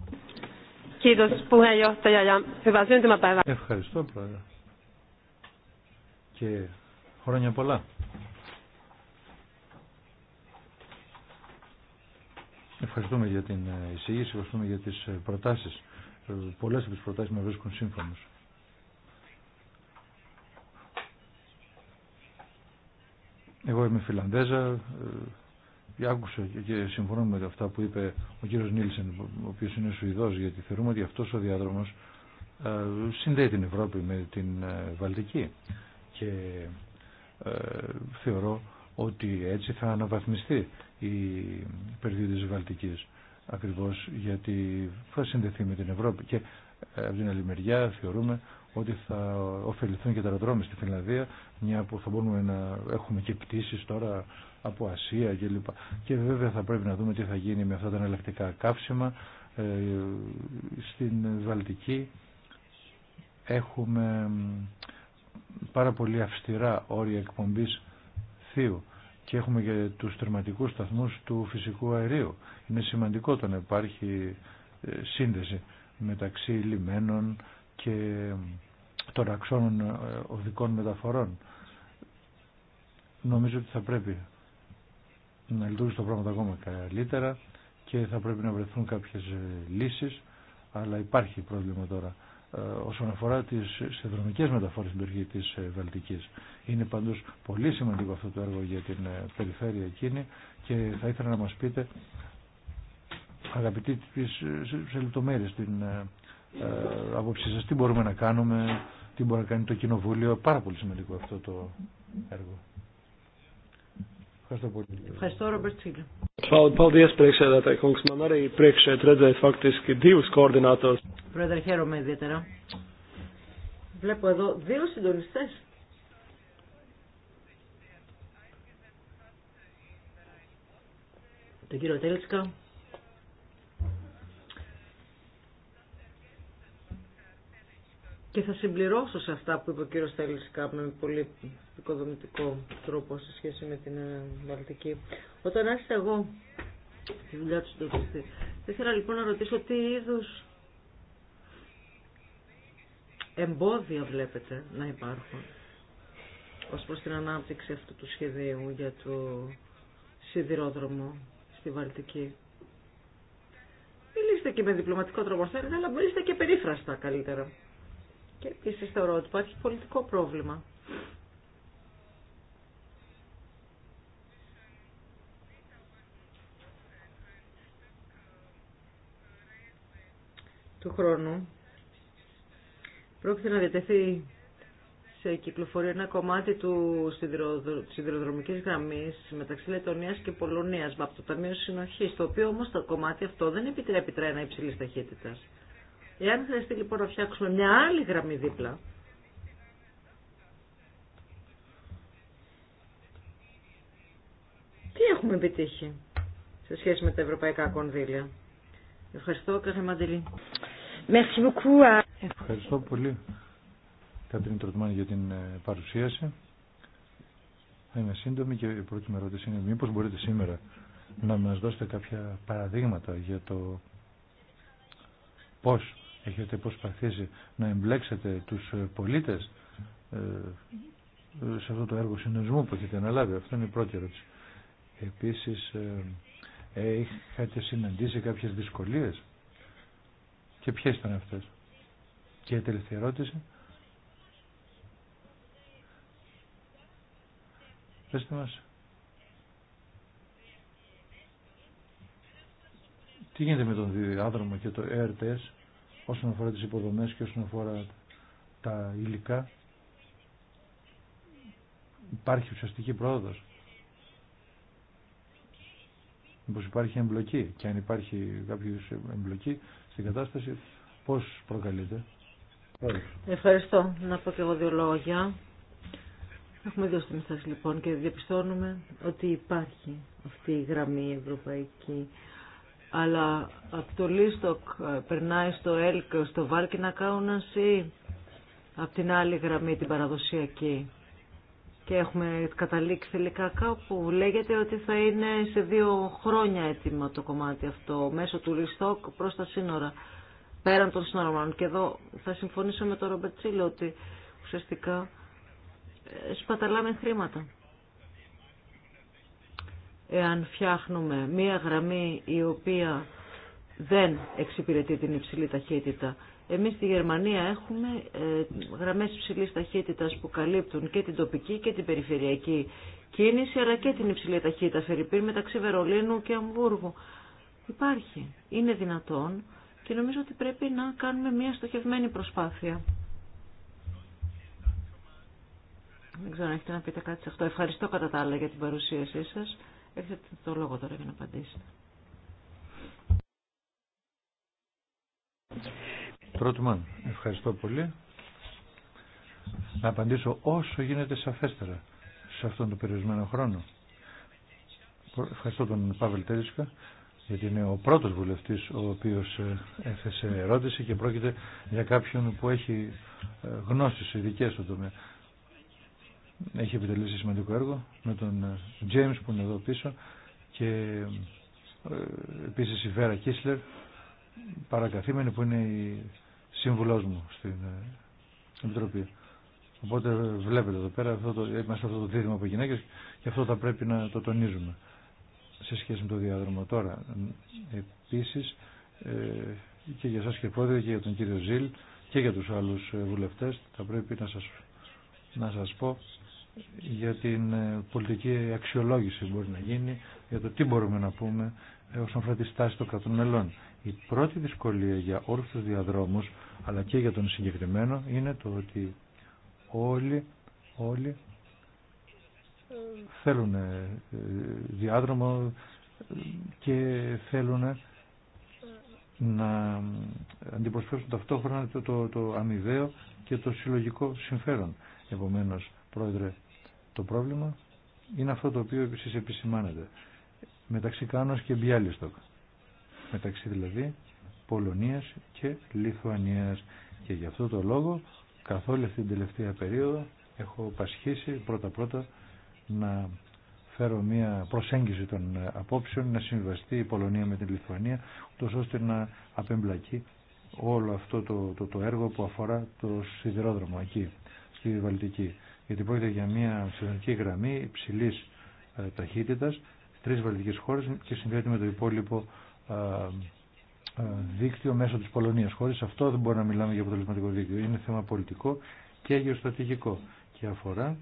Speaker 1: Ευχαριστώ, Πρόεδρε. Και χρόνια πολλά. Ευχαριστούμε για την ε, εισηγήση, ευχαριστούμε για τις ε, προτάσεις. Ε, πολλές από τις προτάσεις με βρίσκουν σύμφωνος. Εγώ είμαι Φιλανδέζα, ε, άκουσα και συμφωνώ με αυτά που είπε ο κύριο Νίλσεν, ο οποίο είναι Σουηδό, γιατί θεωρούμε ότι αυτός ο διάδρομος ε, συνδέει την Ευρώπη με την ε, Βαλτική και θεωρώ ότι έτσι θα αναβαθμιστεί η περιοχή της Βαλτικής ακριβώς γιατί θα συνδεθεί με την Ευρώπη και από την άλλη μεριά θεωρούμε ότι θα ωφεληθούν και τα αεροδρόμια στη Φιλανδία, μια που θα μπορούμε να έχουμε και πτήσεις τώρα από Ασία κλπ. Και βέβαια θα πρέπει να δούμε τι θα γίνει με αυτά τα εναλλακτικά καύσιμα ε, στην Βαλτική. Έχουμε πάρα πολύ αυστηρά όρια εκπομπής θείου και έχουμε και τους τερματικούς σταθμούς του φυσικού αερίου. Είναι σημαντικό το να υπάρχει ε, σύνδεση μεταξύ λιμένων και των αξώνων ε, οδικών μεταφορών. Νομίζω ότι θα πρέπει να λειτουργήσει το πράγμα ακόμα καλύτερα και θα πρέπει να βρεθούν κάποιες ε, λύσεις αλλά υπάρχει πρόβλημα τώρα ε, όσον αφορά τις συνδρομικέ μεταφορές στην περιοχή της ε, Βαλτικής. Είναι πάντως πολύ σημαντικό αυτό το έργο για την περιφέρεια εκείνη και θα ήθελα να μας πείτε αγαπητοί σε λεπτομέρειες την απόψη σας τι μπορούμε να κάνουμε, τι μπορεί να κάνει το Κοινοβούλιο. Πάρα πολύ σημαντικό αυτό το έργο. Ευχαριστώ πολύ.
Speaker 2: Ευχαριστώ, Ρόμπερτ Σίλε.
Speaker 1: Paldies, priekšsēdētāji kungs. Man arī priekšēt redzēt faktiski divus koordinātors.
Speaker 2: Πρόεδρε, χαίρομαι ιδιαίτερα. Βλέπω εδώ δύο συντονιστές. Τον κύριο Τέλτσκα. Και θα συμπληρώσω σε αυτά που είπε ο κύριος Τέλτσκα με πολύ οικοδομητικό τρόπο σε σχέση με την ε, Βαλτική. Όταν άρχισα εγώ τη δουλειά του συντοπιστή, ήθελα λοιπόν να ρωτήσω τι είδου εμπόδια βλέπετε να υπάρχουν ως προς την ανάπτυξη αυτού του σχεδίου για το σιδηρόδρομο στη Βαλτική. Μιλήστε και με διπλωματικό τρόπο θέλετε, αλλά μιλήστε και περίφραστα καλύτερα. Και επίση θεωρώ ότι υπάρχει πολιτικό πρόβλημα του χρόνου πρόκειται να διατεθεί σε κυκλοφορία ένα κομμάτι του σιδηροδρομικής γραμμής μεταξύ Λετωνία και Πολωνίας από το Ταμείο Συνοχή, το οποίο όμω το κομμάτι αυτό δεν επιτρέπει τρένα υψηλής ταχύτητας. Εάν χρειαστεί λοιπόν να φτιάξουμε μια άλλη γραμμή δίπλα, τι έχουμε επιτύχει σε σχέση με τα ευρωπαϊκά κονδύλια. Ευχαριστώ, Καραμαντελή.
Speaker 1: Ευχαριστώ πολύ, Κατρίνη Τροτμάνη, για την ε, παρουσίαση. Θα είμαι σύντομη και η πρώτη με ερώτηση είναι μήπως μπορείτε σήμερα να μας δώσετε κάποια παραδείγματα για το πώς έχετε προσπαθήσει να εμπλέξετε τους ε, πολίτες ε, σε αυτό το έργο συνοσμού που έχετε αναλάβει. Αυτό είναι η πρώτη ερώτηση. Επίσης, είχατε συναντήσει κάποιες δυσκολίες και ποιες ήταν αυτές. Και η τελευταία ερώτηση. Πεςτε μας. Τι γίνεται με τον διάδρομο και το ΕΡΤΕΣ όσον αφορά τις υποδομές και όσον αφορά τα υλικά. Υπάρχει ουσιαστική πρόοδος. Μήπως υπάρχει εμπλοκή και αν υπάρχει κάποιος εμπλοκή στην κατάσταση πώς προκαλείται.
Speaker 2: Ευχαριστώ. Να πω και εγώ δύο λόγια. Έχουμε δύο στιγμές, λοιπόν και διαπιστώνουμε ότι υπάρχει αυτή η γραμμή ευρωπαϊκή. Αλλά από το Λίστοκ ε, περνάει στο ΕΛΚ, στο Βάλκινα Κάουνας ή από την άλλη γραμμή την παραδοσιακή και έχουμε καταλήξει τελικά κάπου. Λέγεται ότι θα είναι σε δύο χρόνια έτοιμο το κομμάτι αυτό, μέσω του Ριστόκ προς τα σύνορα, πέραν των σύνορων. Και εδώ θα συμφωνήσω με τον Ρομπετσίλο ότι ουσιαστικά ε, σπαταλάμε χρήματα. Εάν φτιάχνουμε μία γραμμή η οποία δεν εξυπηρετεί την υψηλή ταχύτητα εμείς στη Γερμανία έχουμε ε, γραμμές υψηλής ταχύτητας που καλύπτουν και την τοπική και την περιφερειακή κίνηση, αλλά και την υψηλή ταχύτητα Φερρυπίν μεταξύ Βερολίνου και Αμβούργου. Υπάρχει, είναι δυνατόν και νομίζω ότι πρέπει να κάνουμε μια στοχευμένη προσπάθεια. Δεν ξέρω αν έχετε να πείτε κάτι σε αυτό. Ευχαριστώ κατά τα άλλα για την παρουσίασή σας. Έχετε το λόγο τώρα για να απαντήσετε.
Speaker 1: Τρότμαν, ευχαριστώ πολύ. Να απαντήσω όσο γίνεται σαφέστερα σε αυτόν τον περιορισμένο χρόνο. Ευχαριστώ τον Παύλ Τέρισκα γιατί είναι ο πρώτος βουλευτής ο οποίος ε, έθεσε ερώτηση και πρόκειται για κάποιον που έχει ε, γνώσεις ειδικέ στο τομέα. Έχει επιτελέσει σημαντικό έργο με τον ε, James που είναι εδώ πίσω και επίσης η Βέρα Κίσλερ παρακαθήμενη που είναι η σύμβουλός μου ε, στην Επιτροπή. Οπότε βλέπετε εδώ πέρα, αυτό το, είμαστε αυτό το δίδυμα από γυναίκες και αυτό θα πρέπει να το τονίζουμε σε σχέση με το διάδρομο. Τώρα, επίσης, ε, και για σας και πρόεδρε και για τον κύριο Ζήλ και για τους άλλους ε, βουλευτές θα πρέπει να σας, να σας πω για την ε, πολιτική αξιολόγηση μπορεί να γίνει, για το τι μπορούμε να πούμε όσον αφορά τη στάση των κρατών μελών. Η πρώτη δυσκολία για όλου του διαδρόμου, αλλά και για τον συγκεκριμένο, είναι το ότι όλοι, όλοι ε, θέλουν ε, διάδρομο και θέλουν ε, να αντιπροσφέρουν ταυτόχρονα το, το, το αμοιβαίο και το συλλογικό συμφέρον. Επομένως, Πρόεδρε, το πρόβλημα είναι αυτό το οποίο επίση επισημάνετε μεταξύ Κάνος και Μπιάλιστοκ. Μεταξύ δηλαδή Πολωνίας και Λιθουανίας. Και γι' αυτό το λόγο καθ' όλη αυτή την τελευταία περίοδο έχω πασχίσει πρώτα-πρώτα να φέρω μια προσέγγιση των απόψεων, να συμβαστεί η Πολωνία με την Λιθουανία, ούτως ώστε να απεμπλακεί όλο αυτό το, το, έργο που αφορά το σιδηρόδρομο εκεί, στη Βαλτική. Γιατί πρόκειται για μια συνολική γραμμή υψηλής ε, ταχύτητας Τρει βαλτικέ χώρε και συνδέεται με το υπόλοιπο δίκτυο μέσω τη Πολωνία. Χωρί αυτό δεν μπορούμε να μιλάμε για αποτελεσματικό δίκτυο. Είναι θέμα πολιτικό και γεωστρατηγικό και αφορά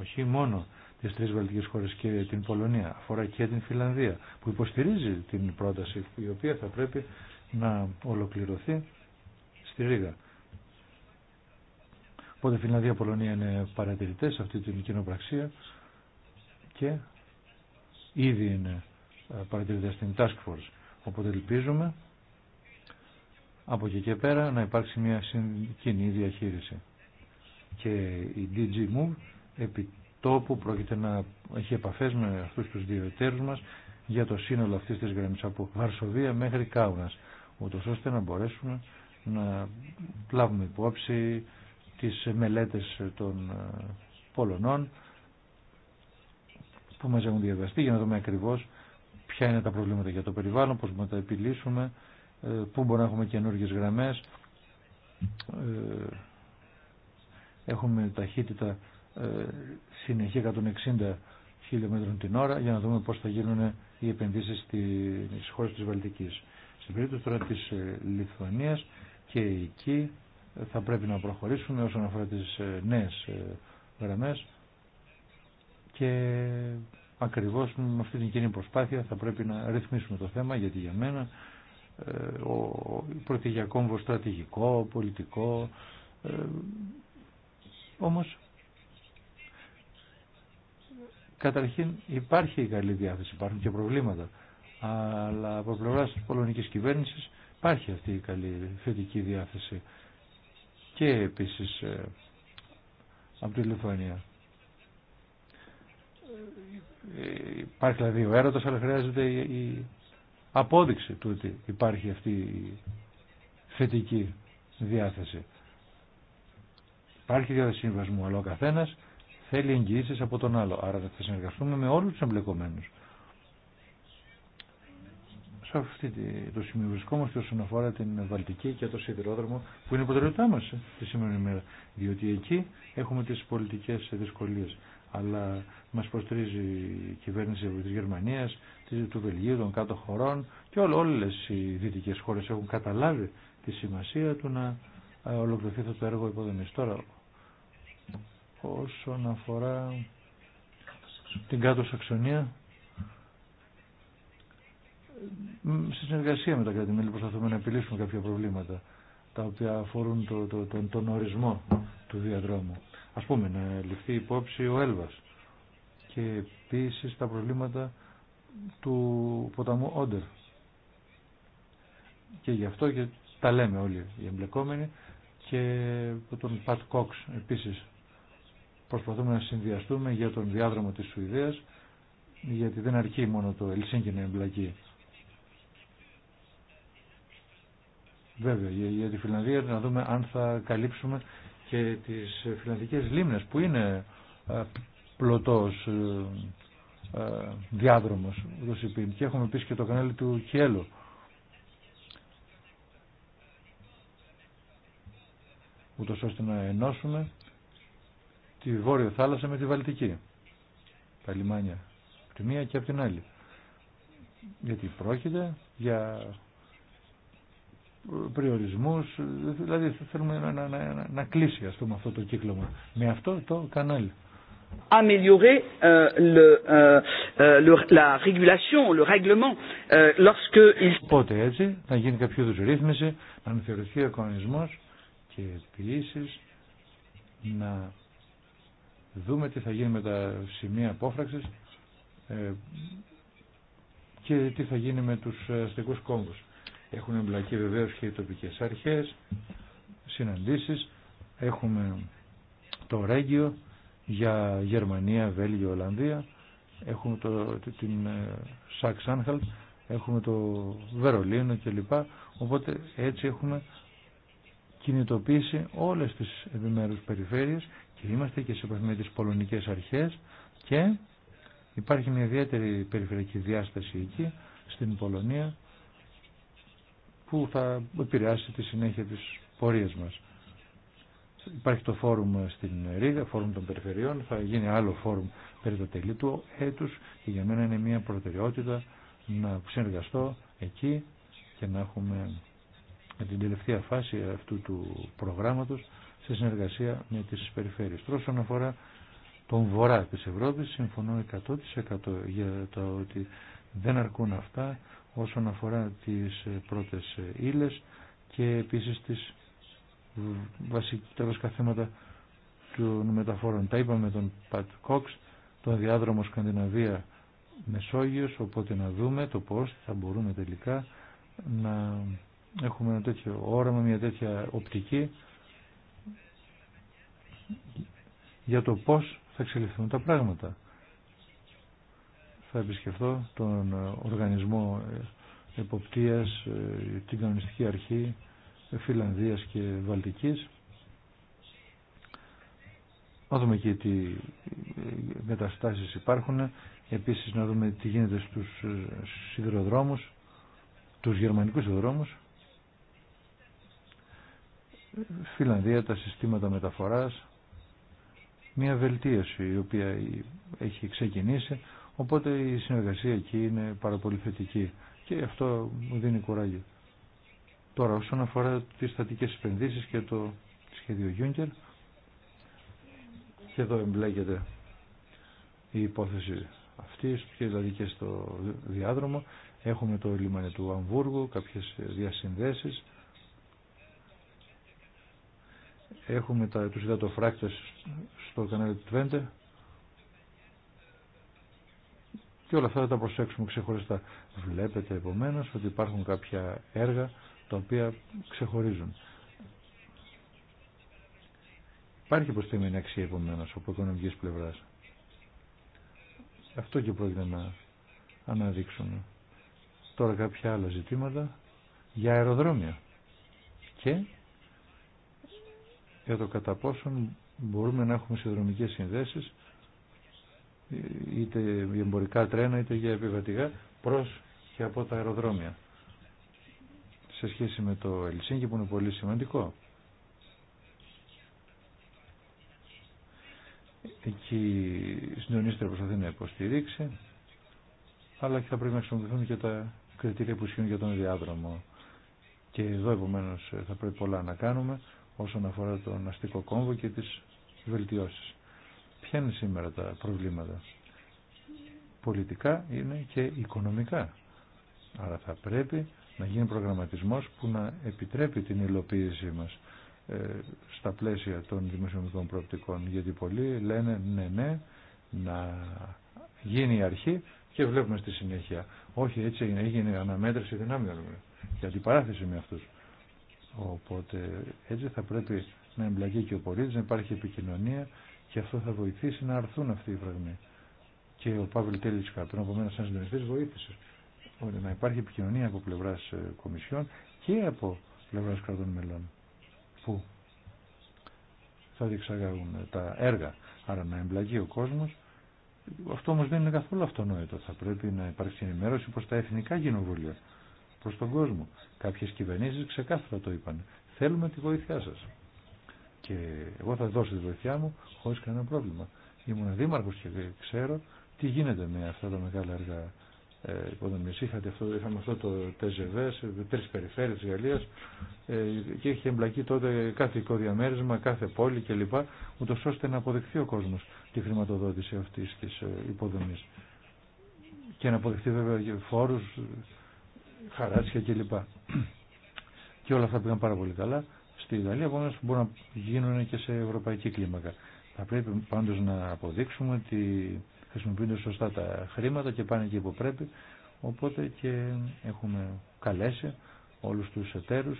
Speaker 1: όχι μόνο τι τρει βαλτικέ χώρε και την Πολωνία, αφορά και την Φιλανδία που υποστηρίζει την πρόταση η οποία θα πρέπει να ολοκληρωθεί στη Ρήγα. Οπότε Φιλανδία Πολωνία είναι παρατηρητέ σε αυτή την κοινοπραξία και ήδη είναι ε, παρατηρητές στην Task Force. Οπότε ελπίζουμε από εκεί και πέρα να υπάρξει μια κοινή διαχείριση. Και η DG Move επί τόπου πρόκειται να έχει επαφές με αυτούς τους δύο εταίρους μας για το σύνολο αυτής της γραμμής από Βαρσοβία μέχρι Κάουνας ούτως ώστε να μπορέσουμε να λάβουμε υπόψη τις μελέτες των ε, Πολωνών που μας έχουν διαβαστεί για να δούμε ακριβώς ποια είναι τα προβλήματα για το περιβάλλον, πώς μπορούμε να τα επιλύσουμε, ε, πού μπορούμε να έχουμε καινούργιες γραμμές. Ε, έχουμε ταχύτητα ε, συνεχή 160 χιλιόμετρων την ώρα για να δούμε πώς θα γίνουν οι επενδύσεις στις χώρες της Βαλτικής. Στην περίπτωση τώρα της Λιθουανίας και εκεί θα πρέπει να προχωρήσουμε όσον αφορά τις νέες γραμμές και ακριβώς με αυτή την κοινή προσπάθεια θα πρέπει να ρυθμίσουμε το θέμα γιατί για μένα ε, ο πρόκειται στρατηγικό, πολιτικό ε, όμως καταρχήν υπάρχει η καλή διάθεση, υπάρχουν και προβλήματα αλλά από πλευρά της πολωνικής κυβέρνησης υπάρχει αυτή η καλή θετική διάθεση και επίσης ε, από τη Λιθουανία υπάρχει δηλαδή ο έρωτας αλλά χρειάζεται η απόδειξη του ότι υπάρχει αυτή η θετική διάθεση. Υπάρχει διάθεση συμβασμού αλλά ο καθένας θέλει εγγυήσεις από τον άλλο. Άρα θα συνεργαστούμε με όλους τους εμπλεκομένους. Σε αυτό το σημείο βρισκόμαστε όσον αφορά την Βαλτική και το Σιδηρόδρομο που είναι η μας ε, τη σήμερα ημέρα. Διότι εκεί έχουμε τις πολιτικές δυσκολίες αλλά μας προστρίζει η κυβέρνηση της Γερμανίας, του Βελγίου, των κάτω χωρών και όλε όλες οι δυτικές χώρες έχουν καταλάβει τη σημασία του να ε, ολοκληρωθεί αυτό το έργο υποδομή Τώρα, όσον αφορά την κάτω Σαξονία, στη συνεργασία με τα κράτη-μέλη προσπαθούμε να επιλύσουμε κάποια προβλήματα τα οποία αφορούν τον ορισμό του διαδρόμου ας πούμε να ληφθεί υπόψη ο Έλβας και επίση τα προβλήματα του ποταμού Όντερ. Και γι' αυτό και τα λέμε όλοι οι εμπλεκόμενοι και τον Πατ Κόξ επίσης προσπαθούμε να συνδυαστούμε για τον διάδρομο της Σουηδίας γιατί δεν αρκεί μόνο το Ελσίνκι να εμπλακεί. Βέβαια, για τη Φιλανδία να δούμε αν θα καλύψουμε και τις φιλανδικές λίμνες που είναι ε, πλωτός ε, ε, διάδρομος και έχουμε επίσης και το κανάλι του Κιέλο ούτως ώστε να ενώσουμε τη Βόρειο Θάλασσα με τη Βαλτική τα λιμάνια από τη μία και από την άλλη γιατί πρόκειται για πριορισμούς, δηλαδή θέλουμε να, να, να, να κλείσει ας πούμε αυτό το κύκλωμα με αυτό το κανάλι.
Speaker 2: Améliorer euh, le, euh, euh le, la régulation, le règlement
Speaker 1: euh, lorsque il. Οπότε έτσι να γίνει κάποιο είδου ρύθμιση, να αναθεωρηθεί ο κανονισμό και επίση να δούμε τι θα γίνει με τα σημεία απόφραξη ε, και τι θα γίνει με του αστικού κόμβου. Έχουν εμπλακεί βεβαίως και οι τοπικές αρχές, συναντήσεις. Έχουμε το Ρέγγιο για Γερμανία, Βέλγιο, Ολλανδία. Έχουμε το, την ε, Σάξ έχουμε το Βερολίνο κλπ. Οπότε έτσι έχουμε κινητοποίησει όλες τις επιμέρους περιφέρειες και είμαστε και σε επαφή με τις πολωνικές αρχές και υπάρχει μια ιδιαίτερη περιφερειακή διάσταση εκεί στην Πολωνία που θα επηρεάσει τη συνέχεια της πορείας μας. Υπάρχει το φόρουμ στην Ρήγα, φόρουμ των περιφερειών, θα γίνει άλλο φόρουμ περί το τέλη του έτους και για μένα είναι μια προτεραιότητα να συνεργαστώ εκεί και να έχουμε την τελευταία φάση αυτού του προγράμματος σε συνεργασία με τις περιφέρειες. Τώρα όσον αφορά τον βορρά της Ευρώπης συμφωνώ 100% για το ότι δεν αρκούν αυτά όσον αφορά τις ε, πρώτες ε, ύλες και επίσης τις, ε, τα βασικά θέματα των μεταφόρων. Τα είπαμε τον Πατ Κόξ, τον διάδρομο Σκανδιναβία Μεσόγειος, οπότε να δούμε το πώς θα μπορούμε τελικά να έχουμε ένα τέτοιο όραμα, μια τέτοια οπτική για το πώς θα εξελιχθούν τα πράγματα θα επισκεφθώ τον ε, οργανισμό ε, εποπτείας, ε, την κανονιστική αρχή Φιλανδίας και Βαλτικής. Να δούμε και τι μεταστάσεις υπάρχουν. Επίσης να δούμε τι γίνεται στους σιδηροδρόμους, τους γερμανικούς σιδηροδρόμους. Φιλανδία, τα συστήματα μεταφοράς. Μια βελτίωση η οποία έχει ξεκινήσει Οπότε η συνεργασία εκεί είναι πάρα πολύ θετική και αυτό μου δίνει κουράγιο. Τώρα όσον αφορά τις στατικές επενδύσεις και το σχέδιο Juncker και εδώ εμπλέκεται η υπόθεση αυτή και δηλαδή και στο διάδρομο έχουμε το λιμάνι του Αμβούργου κάποιες διασυνδέσεις έχουμε τα, τους υδατοφράκτες στο κανάλι του Τβέντε και όλα αυτά θα τα προσέξουμε ξεχωριστά. Βλέπετε επομένω ότι υπάρχουν κάποια έργα τα οποία ξεχωρίζουν. Υπάρχει προσθέμενη αξία επομένω από οικονομική πλευρά. Αυτό και πρόκειται να αναδείξουμε. Τώρα κάποια άλλα ζητήματα για αεροδρόμια και για το κατά πόσον μπορούμε να έχουμε συνδρομικές συνδέσεις είτε για εμπορικά τρένα είτε για επιβατικά προς και από τα αεροδρόμια σε σχέση με το Ελσίνκι που είναι πολύ σημαντικό. Εκεί η συντονίστρια προσπαθεί να υποστηρίξει αλλά και θα πρέπει να χρησιμοποιηθούν και τα κριτήρια που ισχύουν για τον διάδρομο. Και εδώ επομένως θα πρέπει πολλά να κάνουμε όσον αφορά τον αστικό κόμβο και τις βελτιώσεις. Ποια είναι σήμερα τα προβλήματα. Πολιτικά είναι και οικονομικά. Άρα θα πρέπει να γίνει προγραμματισμός που να επιτρέπει την υλοποίησή μας ε, στα πλαίσια των δημοσιονομικών προοπτικών. Γιατί πολλοί λένε ναι, ναι, να γίνει η αρχή και βλέπουμε στη συνέχεια. Όχι, έτσι έγινε, έγινε αναμέτρηση δυνάμεων και παράθεση με αυτούς. Οπότε έτσι θα πρέπει να εμπλακεί και ο πολιτή, να υπάρχει επικοινωνία και αυτό θα βοηθήσει να αρθούν αυτοί οι φραγμοί. Και ο Παύλ Τέλιτσκα, πριν από μένα σαν συντονιστής, βοήθησε να υπάρχει επικοινωνία από πλευράς ε, κομισιών και από πλευράς κρατών μελών που θα διεξαγάγουν ε, τα έργα. Άρα να εμπλαγεί ο κόσμος. Αυτό όμως δεν είναι καθόλου αυτονόητο. Θα πρέπει να υπάρξει ενημέρωση προς τα εθνικά κοινοβούλια, προς τον κόσμο. Κάποιες κυβερνήσεις ξεκάθαρα το είπαν. Θέλουμε τη βοήθειά σα. Και εγώ θα δώσω τη βοηθειά μου χωρίς κανένα πρόβλημα. Ήμουν δήμαρχος και ξέρω τι γίνεται με αυτά τα μεγάλα έργα ε, αυτό, είχαμε αυτό το ΤΖΒ σε τρεις περιφέρειες της Γαλλίας ε, και είχε εμπλακεί τότε κάθε οικοδιαμέρισμα, κάθε πόλη κλπ. ούτως ώστε να αποδεχθεί ο κόσμος τη χρηματοδότηση αυτής της ε, υποδομής. Και να αποδεχθεί βέβαια φόρους, χαράτσια κλπ. [clears throat] Και όλα αυτά πήγαν πάρα πολύ καλά στη Γαλλία, επομένω μπορούν να γίνουν και σε ευρωπαϊκή κλίμακα. Θα πρέπει πάντως να αποδείξουμε ότι χρησιμοποιούνται σωστά τα χρήματα και πάνε εκεί που πρέπει. Οπότε και έχουμε καλέσει όλους τους εταίρους,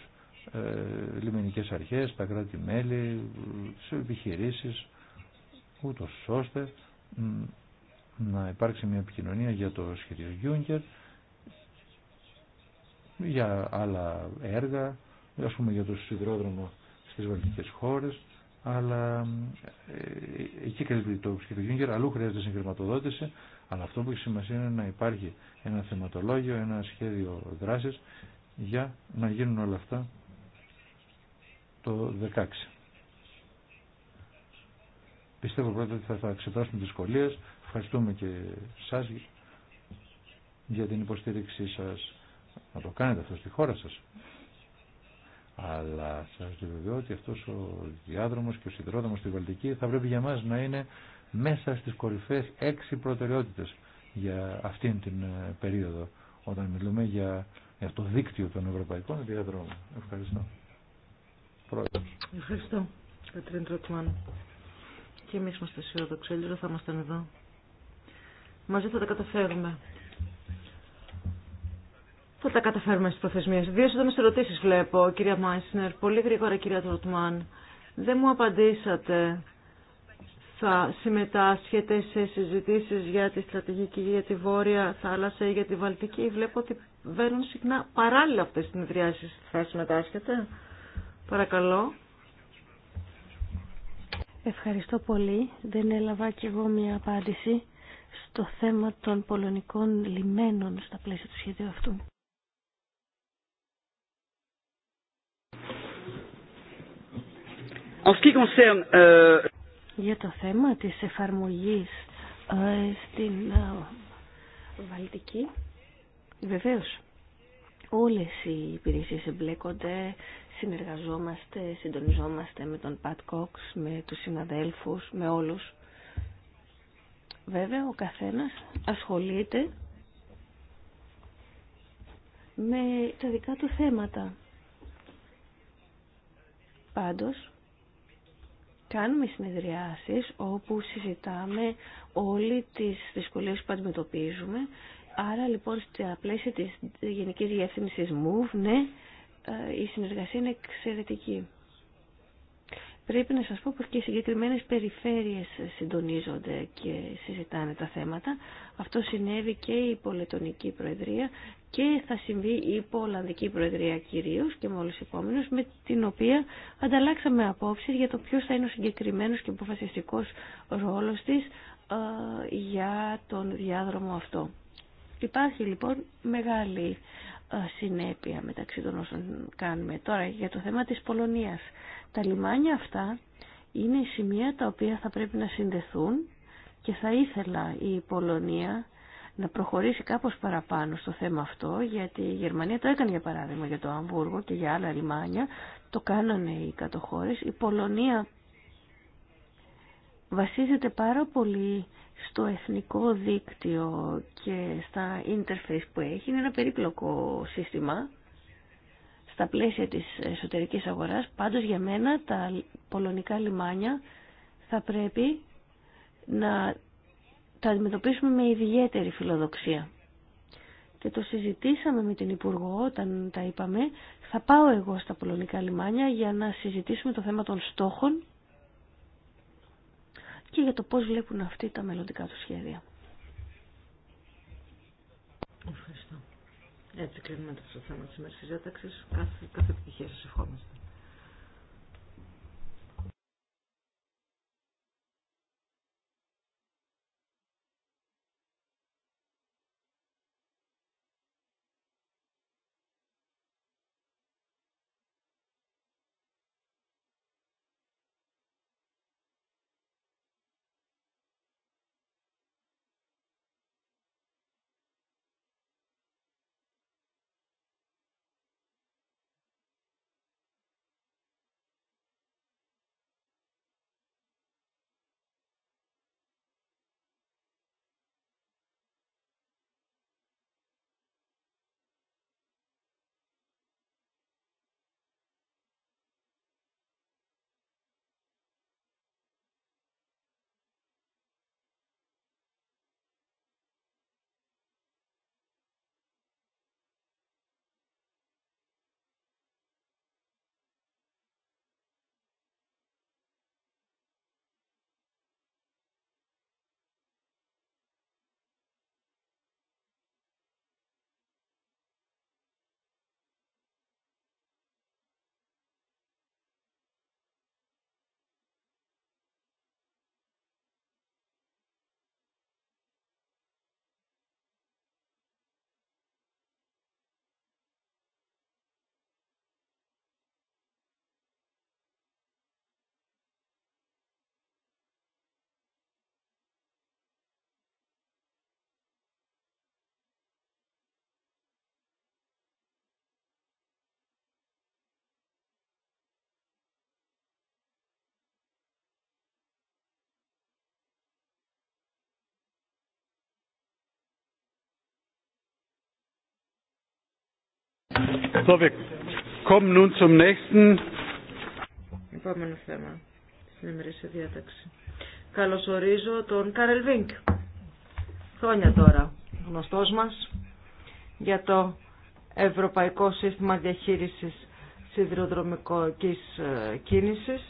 Speaker 1: ε, λιμενικές αρχές, τα κράτη-μέλη, τις επιχειρήσεις, ούτω ώστε να υπάρξει μια επικοινωνία για το σχέδιο Γιούγκερ, για άλλα έργα, ας πούμε για το σιδηρόδρομο στις βαλτικές χώρες, αλλά ε, εκεί καλύπτει το σχέδιο Γιούγκερ, αλλού χρειάζεται συγκριματοδότηση, αλλά αυτό που έχει σημασία είναι να υπάρχει ένα θεματολόγιο, ένα σχέδιο δράσης για να γίνουν όλα αυτά το 16. Πιστεύω πρώτα ότι θα, θα ξεπεράσουμε δυσκολίες. Ευχαριστούμε και σας για την υποστήριξή σας να το κάνετε αυτό στη χώρα σας. Αλλά σα διαβεβαιώ ότι αυτό ο διάδρομο και ο σιδηρόδρομος στη Βαλτική θα πρέπει για μα να είναι μέσα στι κορυφές έξι προτεραιότητε για αυτήν την ε, περίοδο όταν μιλούμε για, για το δίκτυο των ευρωπαϊκών διαδρόμων. Ευχαριστώ. Πρόεδρο.
Speaker 2: Ευχαριστώ. Κατρίν Τροκμάν. Και εμεί είμαστε αισιόδοξοι. Ελπίζω θα ήμασταν εδώ. Μαζί θα τα καταφέρουμε. Θα τα καταφέρουμε στις προθεσμίες. Δύο σύντομες ερωτήσεις βλέπω, κυρία Μάισνερ. Πολύ γρήγορα, κυρία Τροτμάν. Δεν μου απαντήσατε. Θα συμμετάσχετε σε συζητήσεις για τη στρατηγική, για τη Βόρεια Θάλασσα ή για τη Βαλτική. Βλέπω ότι βαίνουν συχνά παράλληλα αυτές τις συνεδριάσεις. Θα συμμετάσχετε. Παρακαλώ.
Speaker 3: Ευχαριστώ πολύ. Δεν έλαβα κι εγώ μια απάντηση στο θέμα των πολωνικών λιμένων στα πλαίσια του σχεδίου αυτού. Euh, Για το θέμα της εφαρμογής ε, στην ε, Βαλτική, βεβαίως όλες οι υπηρεσίες εμπλέκονται, συνεργαζόμαστε, συντονιζόμαστε με τον Πατ Κόξ, με τους συναδέλφους, με όλους. Βέβαια ο καθένας ασχολείται με τα δικά του θέματα. Πάντως, κάνουμε συνεδριάσεις όπου συζητάμε όλοι τις δυσκολίες που αντιμετωπίζουμε. Άρα λοιπόν στη πλαίσια της Γενικής Διεύθυνσης MOVE, ναι, ε, η συνεργασία είναι εξαιρετική. Πρέπει να σας πω πως και οι συγκεκριμένες περιφέρειες συντονίζονται και συζητάνε τα θέματα. Αυτό συνέβη και η Πολετονική Προεδρία και θα συμβεί η Πολανδική Προεδρία κυρίως και με όλους επόμενους, με την οποία ανταλλάξαμε απόψεις για το ποιος θα είναι ο συγκεκριμένος και αποφασιστικό ρόλος της ε, για τον διάδρομο αυτό. Υπάρχει λοιπόν μεγάλη συνέπεια μεταξύ των όσων κάνουμε. Τώρα για το θέμα της Πολωνίας. Τα λιμάνια αυτά είναι σημεία τα οποία θα πρέπει να συνδεθούν και θα ήθελα η Πολωνία να προχωρήσει κάπως παραπάνω στο θέμα αυτό, γιατί η Γερμανία το έκανε για παράδειγμα για το Αμβούργο και για άλλα λιμάνια, το κάνανε οι κατοχώρες. Η Πολωνία βασίζεται πάρα πολύ στο εθνικό δίκτυο και στα interface που έχει. Είναι ένα περίπλοκο σύστημα στα πλαίσια της εσωτερικής αγοράς. Πάντως για μένα τα πολωνικά λιμάνια θα πρέπει να τα αντιμετωπίσουμε με ιδιαίτερη φιλοδοξία. Και το συζητήσαμε με την Υπουργό όταν τα είπαμε. Θα πάω εγώ στα πολωνικά λιμάνια για να συζητήσουμε το θέμα των στόχων και για το πώς βλέπουν αυτοί τα μελλοντικά του σχέδια.
Speaker 2: Ευχαριστώ. Έτσι κλείνουμε το θέμα της ημέρας της διάταξης. Κάθε, κάθε επιτυχία σας ευχόμαστε.
Speaker 1: So, wir kommen nun zum nächsten.
Speaker 2: θέμα Καλωσορίζω τον Κάρελ Βίνκ. Χρόνια τώρα, γνωστός μας, για το Ευρωπαϊκό Σύστημα Διαχείρισης Σιδηροδρομικής ε, Κίνησης.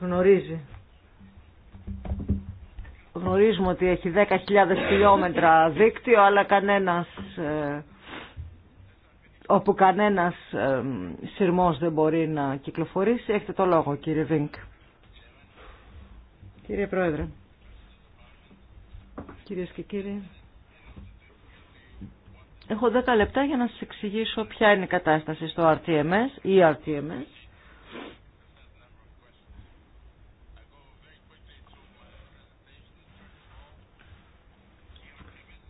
Speaker 2: Γνωρίζει. Γνωρίζουμε ότι έχει 10.000 χιλιόμετρα δίκτυο, αλλά κανένας ε, όπου κανένας σειρμός δεν μπορεί να κυκλοφορήσει. Έχετε το λόγο κύριε Βίνκ. Κύριε Πρόεδρε, κυρίες και κύριοι, έχω 10 λεπτά για να σας εξηγήσω ποια είναι η κατάσταση στο RTMS ή RTMS.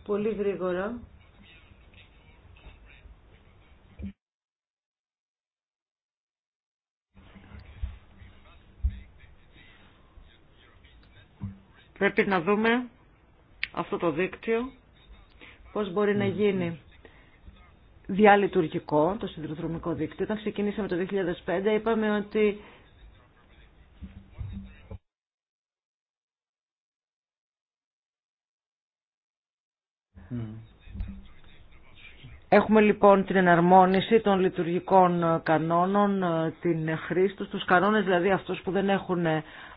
Speaker 2: Πολύ γρήγορα Πρέπει να δούμε αυτό το δίκτυο πώς μπορεί να ναι, γίνει ναι. διαλειτουργικό το σιδηροδρομικό δίκτυο. Όταν ξεκινήσαμε το 2005 είπαμε ότι ναι. Έχουμε λοιπόν την εναρμόνιση των λειτουργικών κανόνων, την χρήση τους, τους κανόνες δηλαδή αυτούς που δεν έχουν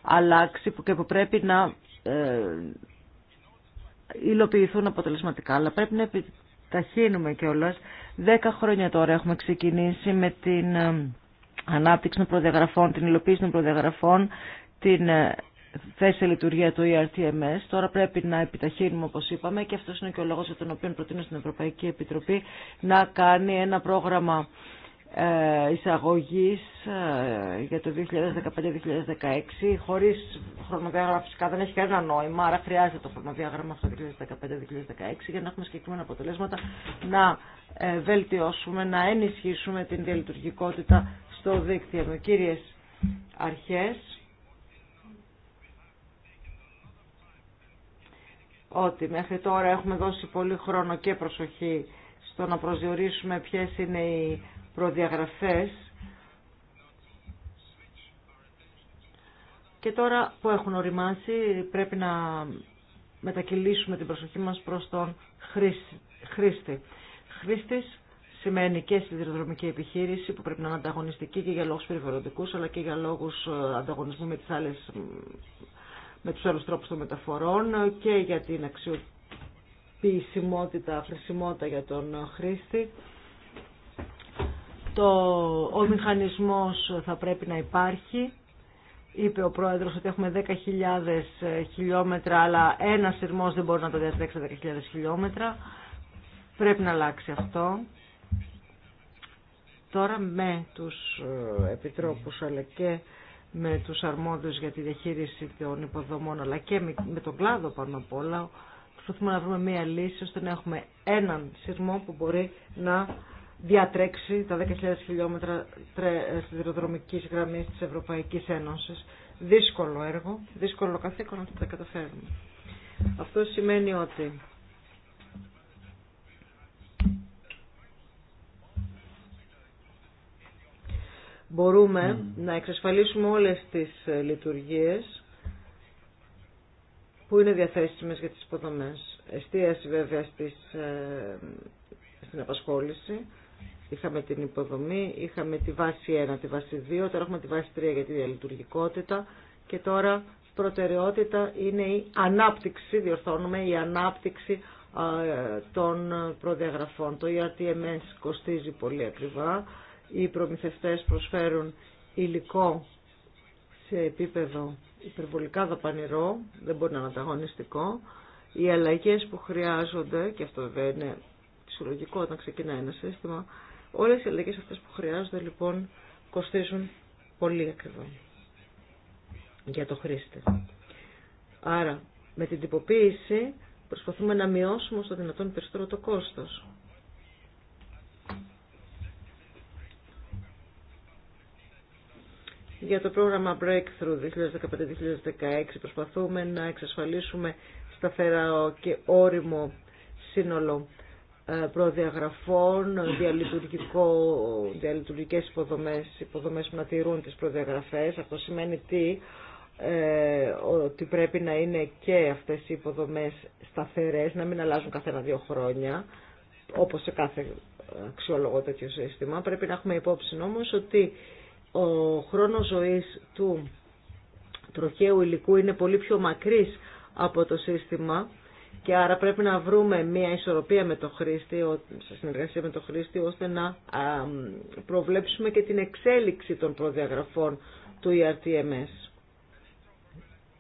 Speaker 2: αλλάξει και που πρέπει να ε, υλοποιηθούν αποτελεσματικά, αλλά πρέπει να επιταχύνουμε κιόλα. Δέκα χρόνια τώρα έχουμε ξεκινήσει με την ε, ανάπτυξη των προδιαγραφών, την υλοποίηση των προδιαγραφών, την ε, θέση λειτουργία του ERTMS. Τώρα πρέπει να επιταχύνουμε, όπω είπαμε, και αυτό είναι και ο λόγο για τον οποίο προτείνω στην Ευρωπαϊκή Επιτροπή να κάνει ένα πρόγραμμα ε, εισαγωγής ε, για το 2015-2016 χωρίς χρονοδιάγραμμα φυσικά δεν έχει κανένα νόημα άρα χρειάζεται το χρονοδιάγραμμα αυτό 2015-2016 για να έχουμε συγκεκριμένα αποτελέσματα να ε, βελτιώσουμε, να ενισχύσουμε την διαλειτουργικότητα στο δίκτυο με κύριες αρχές ότι μέχρι τώρα έχουμε δώσει πολύ χρόνο και προσοχή στο να προσδιορίσουμε ποιες είναι οι προδιαγραφές και τώρα που έχουν οριμάσει πρέπει να μετακυλήσουμε την προσοχή μας προς τον χρήστη. Χρήστης σημαίνει και στη σιδηροδρομική επιχείρηση που πρέπει να είναι ανταγωνιστική και για λόγους περιβαλλοντικούς αλλά και για λόγους ε, ανταγωνισμού με, τις άλλες, με τους άλλους τρόπους των μεταφορών και για την αξιοποίησιμότητα, χρησιμότητα για τον ε, χρήστη το, ο μηχανισμός θα πρέπει να υπάρχει. Είπε ο πρόεδρος ότι έχουμε 10.000 ε, χιλιόμετρα, αλλά ένα σειρμός δεν μπορεί να το διατρέξει 10.000 χιλιόμετρα. Πρέπει να αλλάξει αυτό. Τώρα με τους ε, επιτρόπους αλλά και με τους αρμόδιους για τη διαχείριση των υποδομών αλλά και με τον κλάδο πάνω απ' όλα προσπαθούμε να βρούμε μία λύση ώστε να έχουμε έναν σειρμό που μπορεί να διατρέξει τα 10.000 χιλιόμετρα ε, σιδηροδρομικής γραμμής της Ευρωπαϊκής Ένωσης. Δύσκολο έργο, δύσκολο καθήκον να τα καταφέρουμε. Αυτό σημαίνει ότι μπορούμε να εξασφαλίσουμε όλες τις ε, λειτουργίες που είναι διαθέσιμες για τις υποδομές. Εστίαση βέβαια στις, ε, στην απασχόληση, Είχαμε την υποδομή, είχαμε τη βάση 1, τη βάση 2, τώρα έχουμε τη βάση 3 για τη διαλειτουργικότητα και τώρα προτεραιότητα είναι η ανάπτυξη, διορθώνουμε, η ανάπτυξη των προδιαγραφών. Το ERTMS κοστίζει πολύ ακριβά. Οι προμηθευτές προσφέρουν υλικό σε επίπεδο υπερβολικά δαπανηρό, δεν μπορεί να είναι ανταγωνιστικό. Οι αλλαγές που χρειάζονται, και αυτό βέβαια είναι φυσιολογικό όταν ξεκινάει ένα σύστημα, Όλες οι αλλαγές αυτές που χρειάζονται λοιπόν κοστίζουν πολύ ακριβά για το χρήστη. Άρα με την τυποποίηση προσπαθούμε να μειώσουμε στο δυνατόν περισσότερο το κόστος. Για το πρόγραμμα Breakthrough 2015-2016 προσπαθούμε να εξασφαλίσουμε σταθερά και όριμο σύνολο προδιαγραφών, διαλειτουργικέ διαλειτουργικές υποδομές, υποδομές που να τηρούν τις προδιαγραφές. Αυτό σημαίνει τι, ε, ότι πρέπει να είναι και αυτές οι υποδομές σταθερές, να μην αλλάζουν ένα-δύο χρόνια, όπως σε κάθε αξιόλογο τέτοιο σύστημα. Πρέπει να έχουμε υπόψη όμως ότι ο χρόνος ζωής του τροχαίου υλικού είναι πολύ πιο μακρύς από το σύστημα και άρα πρέπει να βρούμε μια ισορροπία με το χρήστη, σε συνεργασία με το χρήστη, ώστε να προβλέψουμε και την εξέλιξη των προδιαγραφών του ERTMS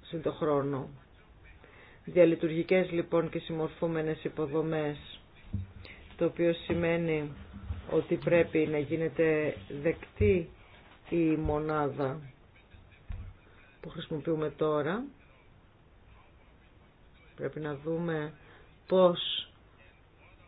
Speaker 2: συν το χρόνο. Διαλειτουργικές λοιπόν και συμμορφούμενες υποδομές, το οποίο σημαίνει ότι πρέπει να γίνεται δεκτή η μονάδα που χρησιμοποιούμε τώρα Πρέπει να δούμε πώς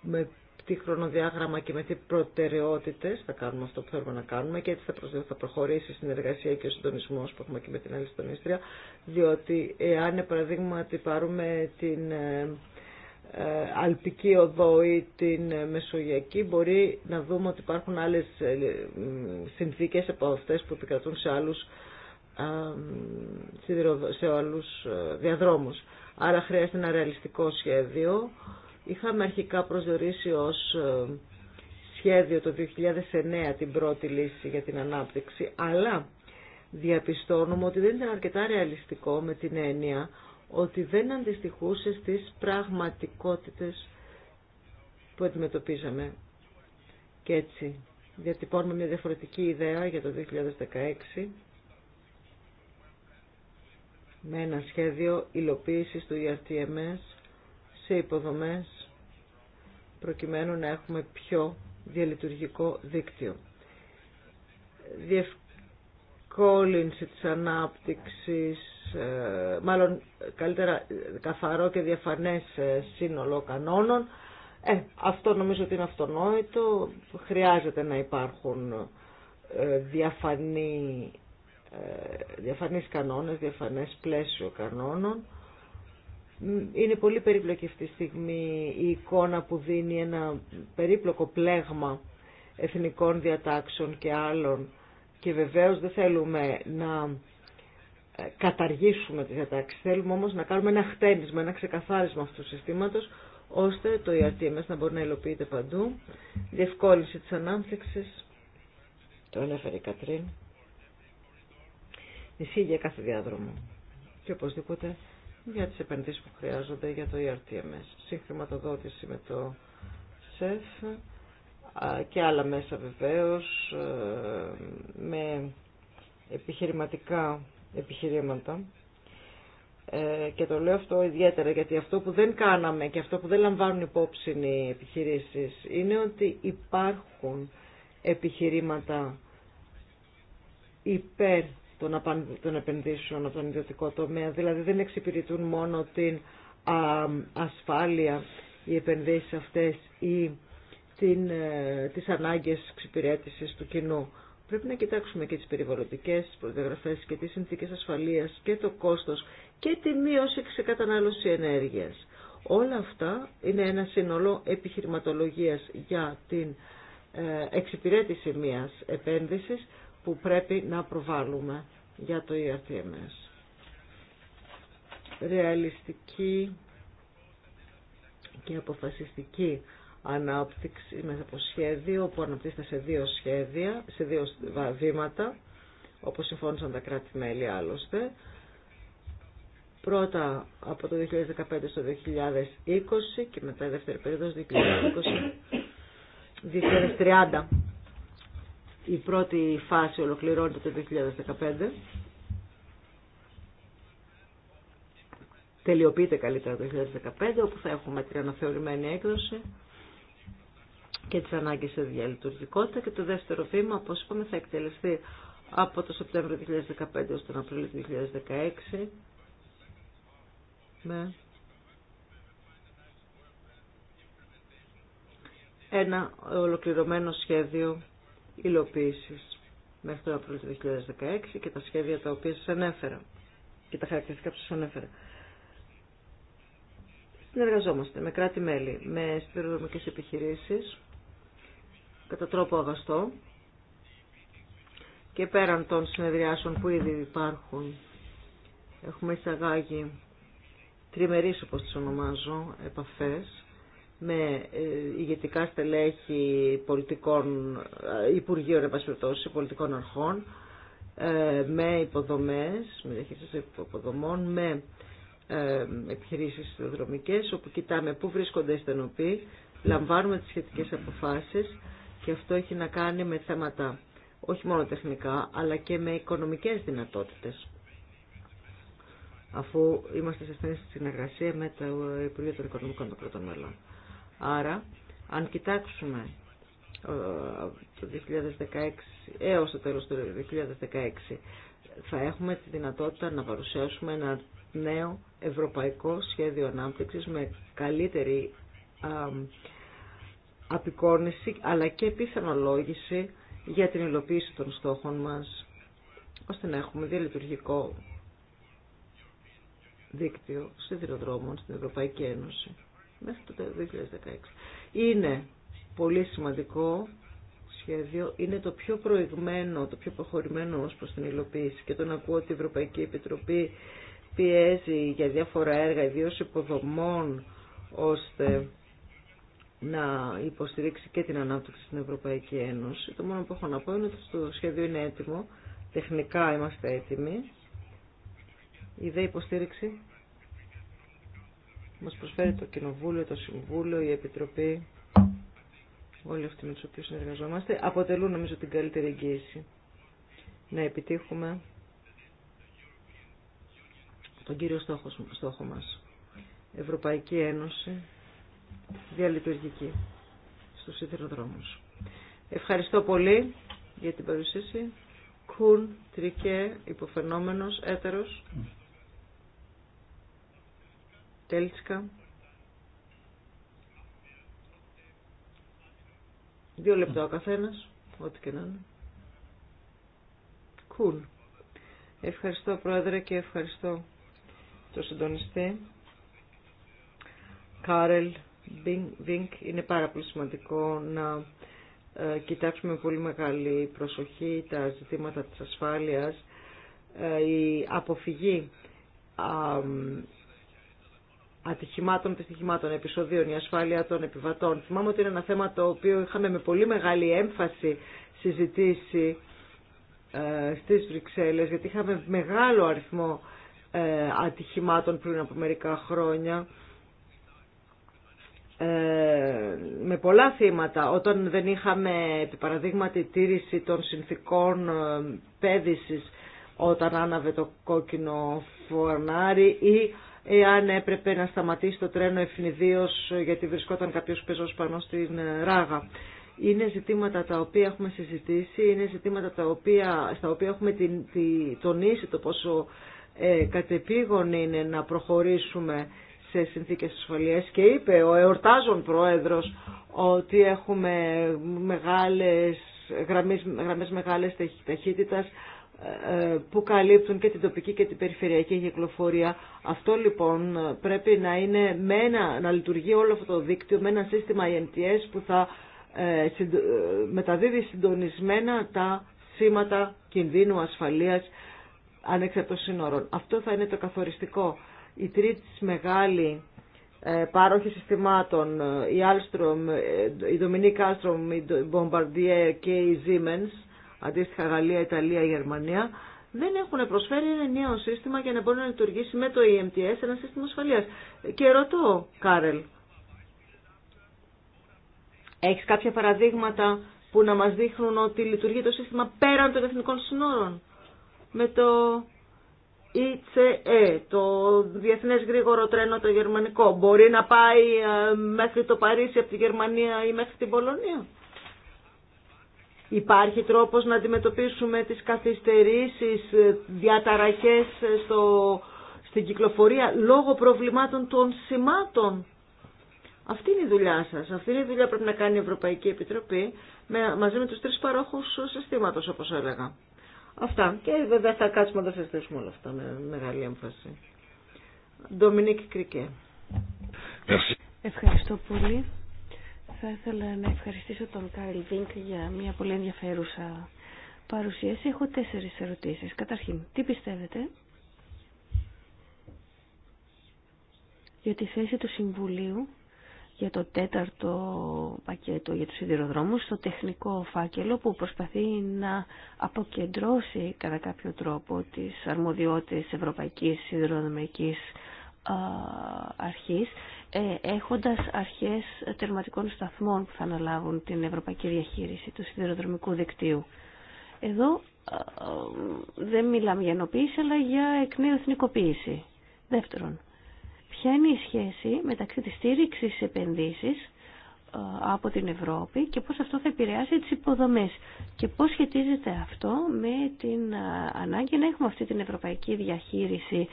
Speaker 2: με τι χρονοδιάγραμμα και με τι προτεραιότητες θα κάνουμε αυτό που θέλουμε να κάνουμε και έτσι θα, θα προχωρήσει η συνεργασία και ο συντονισμός που έχουμε και με την άλλη συντονίστρια διότι εάν παραδείγματι πάρουμε την ε, ε, αλπική οδό ή την ε, μεσογειακή μπορεί να δούμε ότι υπάρχουν άλλες συνθήκες από αυτέ που επικρατούν σε άλλους, σε άλλους διαδρόμους άρα χρειάζεται ένα ρεαλιστικό σχέδιο. Είχαμε αρχικά προσδιορίσει ως ε, σχέδιο το 2009 την πρώτη λύση για την ανάπτυξη, αλλά διαπιστώνουμε ότι δεν ήταν αρκετά ρεαλιστικό με την έννοια ότι δεν αντιστοιχούσε στις πραγματικότητες που αντιμετωπίζαμε. Και έτσι διατυπώνουμε μια διαφορετική ιδέα για το 2016 με ένα σχέδιο υλοποίησης του ERTMS σε υποδομές προκειμένου να έχουμε πιο διαλειτουργικό δίκτυο. Διευκόλυνση της ανάπτυξης, ε, μάλλον καλύτερα ε, καθαρό και διαφανές ε, σύνολο κανόνων. Ε, αυτό νομίζω ότι είναι αυτονόητο. Χρειάζεται να υπάρχουν διαφανή ε, διαφανείς κανόνες, διαφανές πλαίσιο κανόνων. Είναι πολύ περίπλοκη αυτή τη στιγμή η εικόνα που δίνει ένα περίπλοκο πλέγμα εθνικών διατάξεων και άλλων και βεβαίως δεν θέλουμε να ε, καταργήσουμε τις διατάξεις. Θέλουμε όμως να κάνουμε ένα χτένισμα, ένα ξεκαθάρισμα αυτού του συστήματος ώστε το ERTMS να μπορεί να υλοποιείται παντού. Διευκόλυνση της ανάπτυξη το ανέφερε η Κατρίν ισχύει για κάθε διάδρομο. Και οπωσδήποτε για τις επενδύσεις που χρειάζονται για το ERTMS. Συγχρηματοδότηση με το ΣΕΦ και άλλα μέσα βεβαίως ε, με επιχειρηματικά επιχειρήματα ε, και το λέω αυτό ιδιαίτερα γιατί αυτό που δεν κάναμε και αυτό που δεν λαμβάνουν υπόψη οι επιχειρήσεις είναι ότι υπάρχουν επιχειρήματα υπέρ των επενδύσεων από τον ιδιωτικό τομέα. Δηλαδή δεν εξυπηρετούν μόνο την ασφάλεια οι επενδύσεις αυτές ή την, ε, τις ανάγκες εξυπηρέτησης του κοινού. Πρέπει να κοιτάξουμε και τις περιβαλλοντικές προδιαγραφές και τις συνθήκες ασφαλείας και το κόστος και τη μείωση σε κατανάλωση ενέργειας. Όλα αυτά είναι ένα σύνολο επιχειρηματολογίας για την ε, εξυπηρέτηση μιας επένδυσης που πρέπει να προβάλλουμε για το ERTMS. Ρεαλιστική και αποφασιστική ανάπτυξη μέσα από σχέδιο που αναπτύσσεται σε δύο σχέδια, σε δύο βήματα, όπως συμφώνησαν τα κράτη-μέλη άλλωστε. Πρώτα από το 2015 στο 2020 και μετά η δεύτερη περίοδος 2020. 2030 η πρώτη φάση ολοκληρώνεται το 2015. Τελειοποιείται καλύτερα το 2015, όπου θα έχουμε την αναθεωρημένη έκδοση και τις ανάγκες σε διαλειτουργικότητα και το δεύτερο βήμα, όπως είπαμε, θα εκτελεστεί από το Σεπτέμβριο 2015 έως τον Απρίλιο 2016 με ένα ολοκληρωμένο σχέδιο υλοποίησης μέχρι το Απρίλιο του 2016 και τα σχέδια τα οποία σας ανέφερα και τα χαρακτηριστικά που σας ανέφερα. Συνεργαζόμαστε με κράτη-μέλη, με σιδηροδρομικές επιχειρήσεις, κατά τρόπο αγαστό και πέραν των συνεδριάσεων που ήδη υπάρχουν έχουμε εισαγάγει τριμερείς όπως τις ονομάζω επαφές με ε, ηγετικά στελέχη πολιτικών ε, υπουργείων, επασφερτώσει, πολιτικών αρχών, ε, με υποδομές, με διαχείριση υποδομών, με επιχειρήσεις δρομικές, όπου κοιτάμε πού βρίσκονται οι στενοποί, λαμβάνουμε τις σχετικές αποφάσεις και αυτό έχει να κάνει με θέματα όχι μόνο τεχνικά, αλλά και με οικονομικές δυνατότητες. Αφού είμαστε σε στενή συνεργασία με το Υπουργείο των Οικονομικών των Πρώτων Μελών. Άρα, αν κοιτάξουμε ε, το 2016 έως το τέλος του 2016 θα έχουμε τη δυνατότητα να παρουσιάσουμε ένα νέο ευρωπαϊκό σχέδιο ανάπτυξης με καλύτερη απεικόνηση αλλά και πιθανολόγηση για την υλοποίηση των στόχων μας ώστε να έχουμε διαλειτουργικό δίκτυο σιδηροδρόμων στην Ευρωπαϊκή Ένωση μέχρι το 2016. Είναι πολύ σημαντικό σχέδιο, είναι το πιο προηγμένο, το πιο προχωρημένο ως προς την υλοποίηση και τον ακούω ότι η Ευρωπαϊκή Επιτροπή πιέζει για διάφορα έργα, ιδίως υποδομών, ώστε να υποστηρίξει και την ανάπτυξη στην Ευρωπαϊκή Ένωση. Το μόνο που έχω να πω είναι ότι το σχέδιο είναι έτοιμο, τεχνικά είμαστε έτοιμοι. Η δε υποστήριξη μας προσφέρει το Κοινοβούλιο, το Συμβούλιο, η Επιτροπή, όλοι αυτοί με τους οποίους συνεργαζόμαστε, αποτελούν νομίζω την καλύτερη εγγύηση να επιτύχουμε τον κύριο στόχο, στόχο μας. Ευρωπαϊκή Ένωση διαλειτουργική στους σιδηροδρόμους. Ευχαριστώ πολύ για την παρουσίαση. Κουν, τρικέ, υποφαινόμενος, έτερος. Τέλτσκα. Δύο λεπτά ο καθένας, ό,τι και να είναι. Κουλ. Cool. Ευχαριστώ Πρόεδρε και ευχαριστώ το συντονιστή. Κάρελ Βίνκ, είναι πάρα πολύ σημαντικό να ε, κοιτάξουμε με πολύ μεγάλη προσοχή τα ζητήματα της ασφάλειας. Ε, η αποφυγή ατυχημάτων και επεισοδίων, η ασφάλεια των επιβατών. Θυμάμαι ότι είναι ένα θέμα το οποίο είχαμε με πολύ μεγάλη έμφαση συζητήσει ε, στις Βρυξέλλες, γιατί είχαμε μεγάλο αριθμό ε, ατυχημάτων πριν από μερικά χρόνια, ε, με πολλά θύματα, όταν δεν είχαμε, επί παραδείγματι, τήρηση των συνθήκων ε, πέδησης, όταν άναβε το κόκκινο φορνάρι ή εάν έπρεπε να σταματήσει το τρένο ευνηδίως γιατί βρισκόταν κάποιος πεζός πάνω στην ε, Ράγα. Είναι ζητήματα τα οποία έχουμε συζητήσει, είναι ζητήματα τα οποία, στα οποία έχουμε την, τονίσει το πόσο ε, κατεπήγον είναι να προχωρήσουμε σε συνθήκες ασφαλείας και είπε ο εορτάζων πρόεδρος ότι έχουμε μεγάλες γραμμές, γραμμές μεγάλες ταχύτητας που καλύπτουν και την τοπική και την περιφερειακή κυκλοφορία. Αυτό λοιπόν πρέπει να είναι με να λειτουργεί όλο αυτό το δίκτυο με ένα σύστημα INTS e που θα ε, ε, μεταδίδει συντονισμένα τα σήματα κινδύνου ασφαλείας ανεξαρτός σύνορων. Αυτό θα είναι το καθοριστικό. Η τρίτη μεγάλη ε, πάροχη συστημάτων, η Alstrom, η Dominique Alstrom, η Bombardier και η Siemens, αντίστοιχα Γαλλία, Ιταλία, Γερμανία, δεν έχουν προσφέρει ένα νέο σύστημα για να μπορεί να λειτουργήσει με το EMTS ένα σύστημα ασφαλείας. Και ρωτώ, Κάρελ, έχεις κάποια παραδείγματα που να μας δείχνουν ότι λειτουργεί το σύστημα πέραν των εθνικών συνόρων με το ICE, ε, το Διεθνές Γρήγορο Τρένο το Γερμανικό. Μπορεί να πάει ε, μέχρι το Παρίσι από τη Γερμανία ή μέχρι την Πολωνία. Υπάρχει τρόπος να αντιμετωπίσουμε τις καθυστερήσεις, ε, διαταραχές ε, στο, στην κυκλοφορία λόγω προβλημάτων των σημάτων. Αυτή είναι η δουλειά σας. Αυτή είναι η δουλειά που πρέπει να κάνει η Ευρωπαϊκή Επιτροπή με, μαζί με τους τρεις παρόχους συστήματος όπως έλεγα. Αυτά. Και βέβαια θα κάτσουμε να τα συζητήσουμε όλα αυτά με μεγάλη έμφαση. Ντομινίκη Κρικέ.
Speaker 3: Ευχαριστώ πολύ. Θα ήθελα να ευχαριστήσω τον Κάριλ Βίνκ για μια πολύ ενδιαφέρουσα παρουσίαση. Έχω τέσσερις ερωτήσεις. Καταρχήν, τι πιστεύετε για τη θέση του Συμβουλίου για το τέταρτο πακέτο για τους σιδηροδρόμους στο τεχνικό φάκελο που προσπαθεί να αποκεντρώσει κατά κάποιο τρόπο τις αρμοδιότητες Ευρωπαϊκής Σιδηροδρομικής Αρχής ε, έχοντας αρχές τερματικών σταθμών που θα αναλάβουν την ευρωπαϊκή διαχείριση του σιδηροδρομικού δικτύου. Εδώ δεν μιλάμε για ενοποίηση αλλά για εκ νέου εθνικοποίηση. Δεύτερον, ποια είναι η σχέση μεταξύ της στήριξης επενδύσεις από την Ευρώπη και πώς αυτό θα επηρεάσει τις υποδομές και πώς σχετίζεται αυτό με την ανάγκη να έχουμε αυτή την ευρωπαϊκή διαχείριση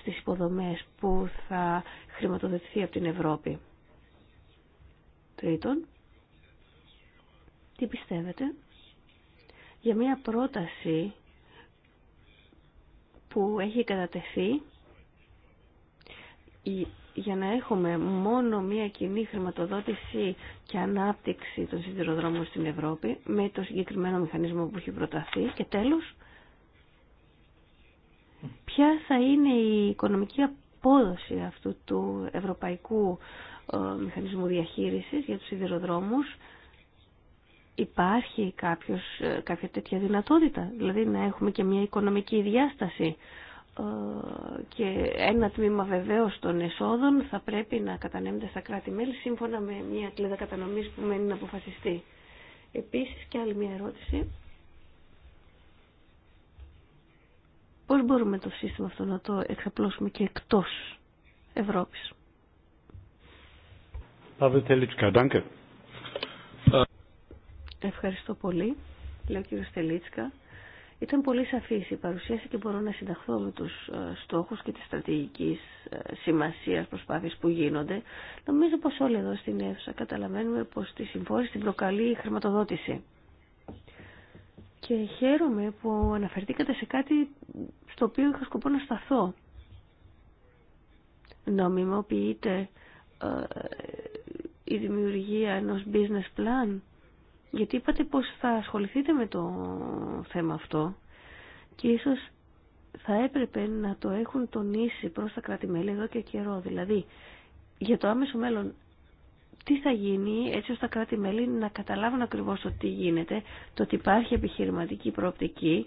Speaker 3: στις υποδομές που θα χρηματοδοτηθεί από την Ευρώπη. Τρίτον, τι πιστεύετε για μια πρόταση που έχει κατατεθεί για να έχουμε μόνο μία κοινή χρηματοδότηση και ανάπτυξη των σιδηροδρόμων στην Ευρώπη με το συγκεκριμένο μηχανισμό που έχει προταθεί. Και τέλος, ποια θα είναι η οικονομική απόδοση αυτού του ευρωπαϊκού ε, μηχανισμού διαχείρισης για τους σιδηροδρόμους. Υπάρχει κάποιος, ε, κάποια τέτοια δυνατότητα, δηλαδή να έχουμε και μια οικονομική διάσταση ε, και ένα τμήμα βεβαίως των εσόδων θα πρέπει να κατανέμεται στα κράτη-μέλη σύμφωνα με μια κλίδα κατανομής που μένει να αποφασιστεί. Επίσης και άλλη μια ερώτηση. Πώς μπορούμε το σύστημα αυτό να το εξαπλώσουμε και εκτός Ευρώπης. Ευχαριστώ πολύ. Λέω κύριο Στελίτσκα. Ήταν πολύ σαφής η παρουσίαση και μπορώ να συνταχθώ με τους ε, στόχους και τις στρατηγικές ε, σημασίας προσπάθειες που γίνονται. Νομίζω πως όλοι εδώ στην αίθουσα καταλαβαίνουμε πως τη συμφόρηση την προκαλεί η χρηματοδότηση. Και χαίρομαι που αναφερθήκατε σε κάτι στο οποίο είχα σκοπό να σταθώ. Νομιμοποιείται ε, η δημιουργία ενός business plan γιατί είπατε πως θα ασχοληθείτε με το θέμα αυτό και ίσως θα έπρεπε να το έχουν τονίσει προς τα κράτη-μέλη εδώ και καιρό. Δηλαδή, για το άμεσο μέλλον, τι θα γίνει έτσι ώστε τα κράτη-μέλη να καταλάβουν ακριβώς ότι τι γίνεται, το ότι υπάρχει επιχειρηματική προοπτική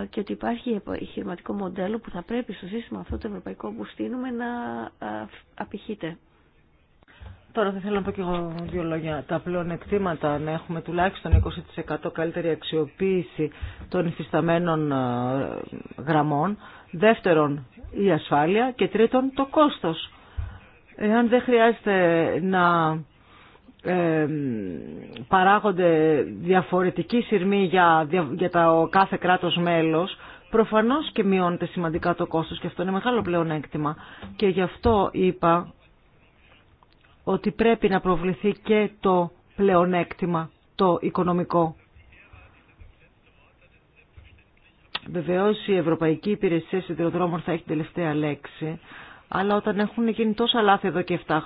Speaker 3: ε, και ότι υπάρχει επιχειρηματικό μοντέλο που θα πρέπει στο σύστημα αυτό το ευρωπαϊκό που στείλουμε να ε, απηχείται.
Speaker 2: Τώρα θα ήθελα να πω και εγώ δύο λόγια. Τα πλεονεκτήματα να έχουμε τουλάχιστον 20% καλύτερη αξιοποίηση των υφισταμένων ε, γραμμών. Δεύτερον, η ασφάλεια. Και τρίτον, το κόστος. Εάν δεν χρειάζεται να ε, παράγονται διαφορετικοί σειρμοί για, για το κάθε κράτος μέλος, προφανώς και μειώνεται σημαντικά το κόστος και αυτό είναι μεγάλο πλεονέκτημα. Και γι' αυτό είπα ότι πρέπει να προβληθεί και το πλεονέκτημα, το οικονομικό. Βεβαίω, η Ευρωπαϊκή Υπηρεσία Σιδηροδρόμων θα έχει την τελευταία λέξη, αλλά όταν έχουν γίνει τόσα λάθη εδώ και, 7,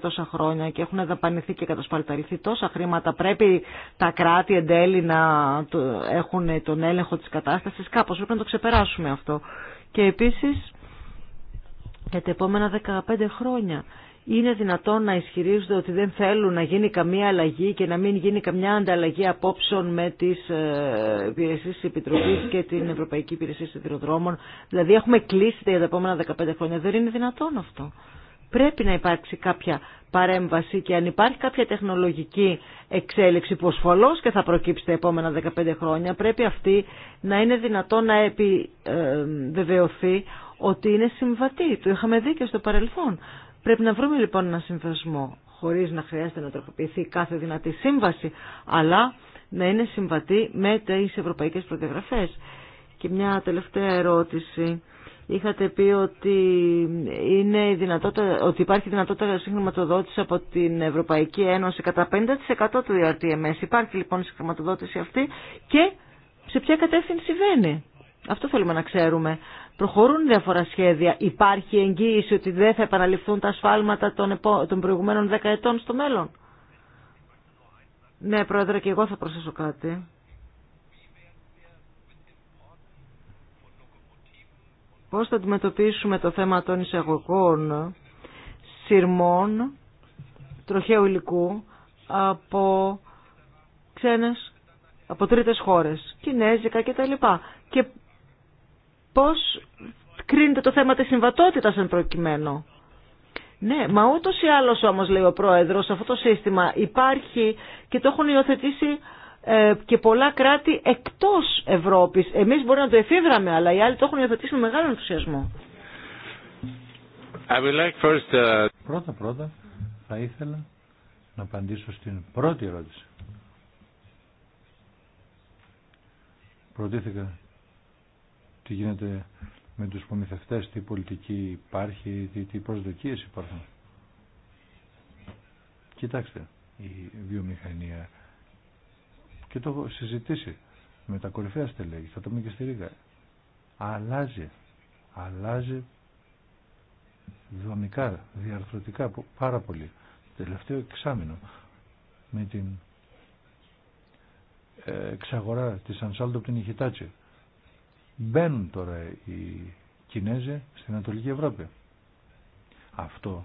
Speaker 2: τόσα χρόνια και έχουν δαπανηθεί και κατασπαλταληθεί τόσα χρήματα, πρέπει τα κράτη εν τέλει να έχουν τον έλεγχο της κατάστασης. Κάπως πρέπει να το ξεπεράσουμε αυτό. Και επίσης για τα επόμενα 15 χρόνια είναι δυνατόν να ισχυρίζονται ότι δεν θέλουν να γίνει καμία αλλαγή και να μην γίνει καμιά ανταλλαγή απόψεων με τις ε, υπηρεσίες της Επιτροπής και την Ευρωπαϊκή Υπηρεσία Σιδηροδρόμων. Δηλαδή έχουμε κλείσει τα επόμενα 15 χρόνια. Δεν είναι δυνατόν αυτό. Πρέπει να υπάρξει κάποια παρέμβαση και αν υπάρχει κάποια τεχνολογική εξέλιξη που ασφαλώς και θα προκύψει τα επόμενα 15 χρόνια, πρέπει αυτή να είναι δυνατόν να επιβεβαιωθεί ε, ότι είναι συμβατή. Το είχαμε δει και στο παρελθόν. Πρέπει να βρούμε λοιπόν ένα συμβασμό, χωρίς να χρειάζεται να τροποποιηθεί κάθε δυνατή σύμβαση, αλλά να είναι συμβατή με τις ευρωπαϊκές προδιαγραφές. Και μια τελευταία ερώτηση. Είχατε πει ότι, είναι δυνατότητα, ότι υπάρχει δυνατότητα συγχρηματοδότηση από την Ευρωπαϊκή Ένωση κατά 50% του ERTMS. Υπάρχει λοιπόν η συγχρηματοδότηση αυτή και σε ποια κατεύθυνση βαίνει. Αυτό θέλουμε να ξέρουμε προχωρούν διάφορα σχέδια. Υπάρχει εγγύηση ότι δεν θα επαναληφθούν τα ασφάλματα των, προηγουμένων δεκαετών στο μέλλον. Ναι, Πρόεδρε, και εγώ θα προσθέσω κάτι. Πώς θα αντιμετωπίσουμε το θέμα των εισαγωγών σειρμών τροχαίου υλικού από ξένες, από τρίτες χώρες, κινέζικα κτλ. Και πώς κρίνεται το θέμα της συμβατότητας εν προκειμένου. Ναι, μα ούτω ή άλλω όμω, λέει ο πρόεδρο, αυτό το σύστημα υπάρχει και το έχουν υιοθετήσει ε, και πολλά κράτη εκτό Ευρώπη. Εμεί μπορεί να το εφήβραμε, αλλά οι άλλοι το έχουν υιοθετήσει με μεγάλο ενθουσιασμό.
Speaker 1: Uh, πρώτα πρώτα θα ήθελα να απαντήσω στην πρώτη ερώτηση. Προτίθεκα τι γίνεται με τους προμηθευτές, τι πολιτική υπάρχει, τι, τι προσδοκίες υπάρχουν. Κοιτάξτε, η βιομηχανία και το έχω συζητήσει με τα κορυφαία στελέχη, θα το πούμε και στη Ρίγα. Αλλάζει, αλλάζει δομικά, διαρθρωτικά πάρα πολύ. Τελευταίο εξάμεινο με την ε, εξαγορά της Ανσάλτο από την Ιχιτάτσι Μπαίνουν τώρα οι Κινέζοι στην Ανατολική Ευρώπη. Αυτό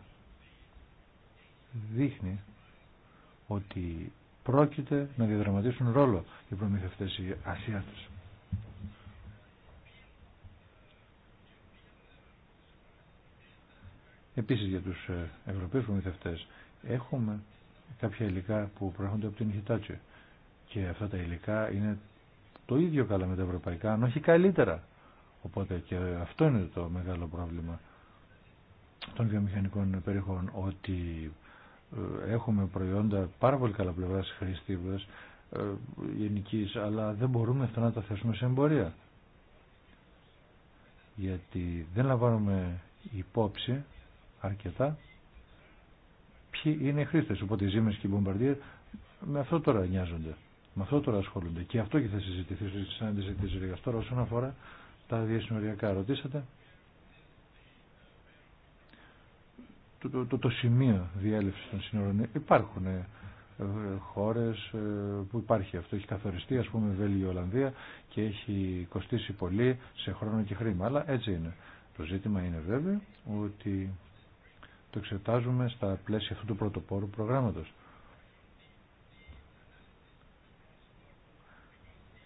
Speaker 1: δείχνει ότι πρόκειται να διαδραματίσουν ρόλο οι προμηθευτές οι Ασιάτες. Επίσης για τους ε, Ευρωπαίους προμηθευτές έχουμε κάποια υλικά που προέρχονται από την Χιτάτσιο και αυτά τα υλικά είναι το ίδιο καλά με τα ευρωπαϊκά, αν όχι καλύτερα. Οπότε και αυτό είναι το μεγάλο πρόβλημα των βιομηχανικών περιοχών, ότι ε, έχουμε προϊόντα πάρα πολύ καλά πλευρά χρήστη, ε, γενική, αλλά δεν μπορούμε αυτό να τα θέσουμε σε εμπορία. Γιατί δεν λαμβάνουμε υπόψη αρκετά ποιοι είναι οι χρήστες. Οπότε οι Ζήμες και οι με αυτό τώρα νοιάζονται. Με αυτό τώρα ασχολούνται. Και αυτό και θα συζητηθεί στη συνάντηση τη Τώρα, όσον αφορά τα διασυνοριακά, ρωτήσατε. Το, το, το, το σημείο διέλευση των σύνορων υπάρχουν ε, ε χώρες ε, που υπάρχει αυτό έχει καθοριστεί α πούμε Βέλγιο Ολλανδία και έχει κοστίσει πολύ σε χρόνο και χρήμα αλλά έτσι είναι το ζήτημα είναι βέβαια ότι το εξετάζουμε στα πλαίσια αυτού του πρωτοπόρου προγράμματος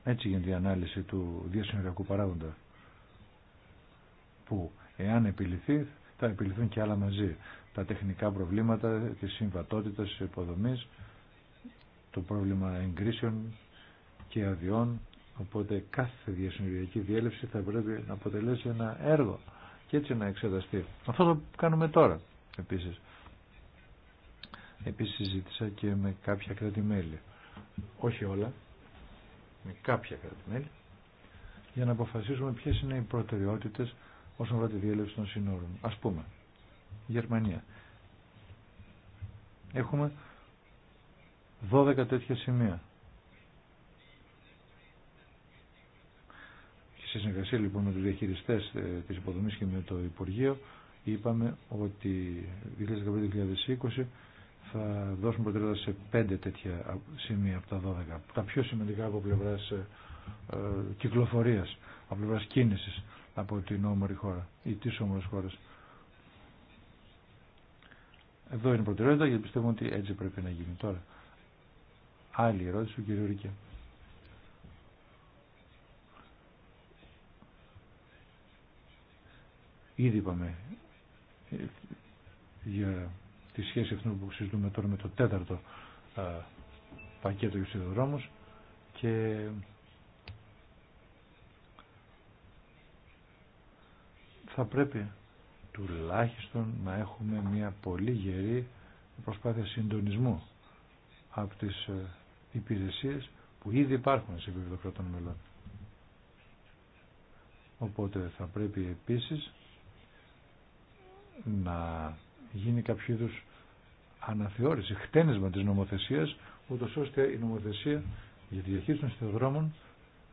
Speaker 1: Έτσι γίνεται η ανάλυση του διασυνοριακού παράγοντα που εάν επιληθεί θα επιληθούν και άλλα μαζί. Τα τεχνικά προβλήματα της συμβατότητα τη υποδομή, το πρόβλημα εγκρίσεων και αδειών, οπότε κάθε διασυνοριακή διέλευση θα πρέπει να αποτελέσει ένα έργο και έτσι να εξεταστεί. Αυτό το κάνουμε τώρα επίσης. Επίση συζήτησα και με κάποια κράτη-μέλη. Όχι όλα, με κάποια κρατημέλη για να αποφασίσουμε ποιε είναι οι προτεραιότητε όσον αφορά τη διέλευση των συνόρων. Α πούμε, Γερμανία. Έχουμε 12 τέτοια σημεία. Και σε συνεργασία λοιπόν με του διαχειριστέ ε, τη υποδομή και με το Υπουργείο είπαμε ότι 2015-2020 θα δώσουμε προτεραιότητα σε πέντε τέτοια σημεία από τα 12. Τα πιο σημαντικά από πλευρά ε, ε κυκλοφορία, από πλευρά κίνηση από την όμορφη χώρα ή τι όμορφε χώρε. Εδώ είναι η προτεραιότητα γιατί πιστεύω ότι έτσι πρέπει να γίνει τώρα. Άλλη ερώτηση του κ. Ρίκε. Ήδη είπαμε ε, για τη σχέση αυτών που συζητούμε τώρα με το τέταρτο πακέτο για και θα πρέπει τουλάχιστον να έχουμε μια πολύ γερή προσπάθεια συντονισμού από τις ε, υπηρεσίες που ήδη υπάρχουν σε επίπεδο κρατών μελών. Οπότε θα πρέπει επίσης να γίνει κάποιο είδους αναθεώρηση, χτένισμα της νομοθεσίας, ούτως ώστε η νομοθεσία για τη διαχείριση των δρόμων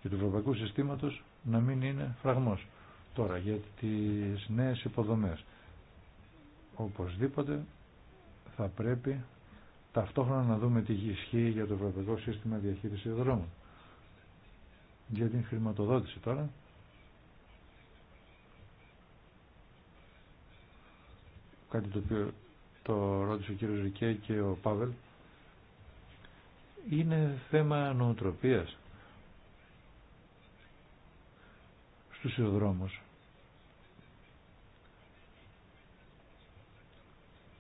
Speaker 1: και του ευρωπαϊκού συστήματος να μην είναι φραγμός. Τώρα, για τις νέες υποδομές. Οπωσδήποτε θα πρέπει ταυτόχρονα να δούμε τι ισχύει για το ευρωπαϊκό σύστημα διαχείρισης δρόμων. Για την χρηματοδότηση τώρα. Κάτι το οποίο το ρώτησε ο κύριος Ρικέ και ο Πάβελ, είναι θέμα νοοτροπίας στους ιοδρόμους.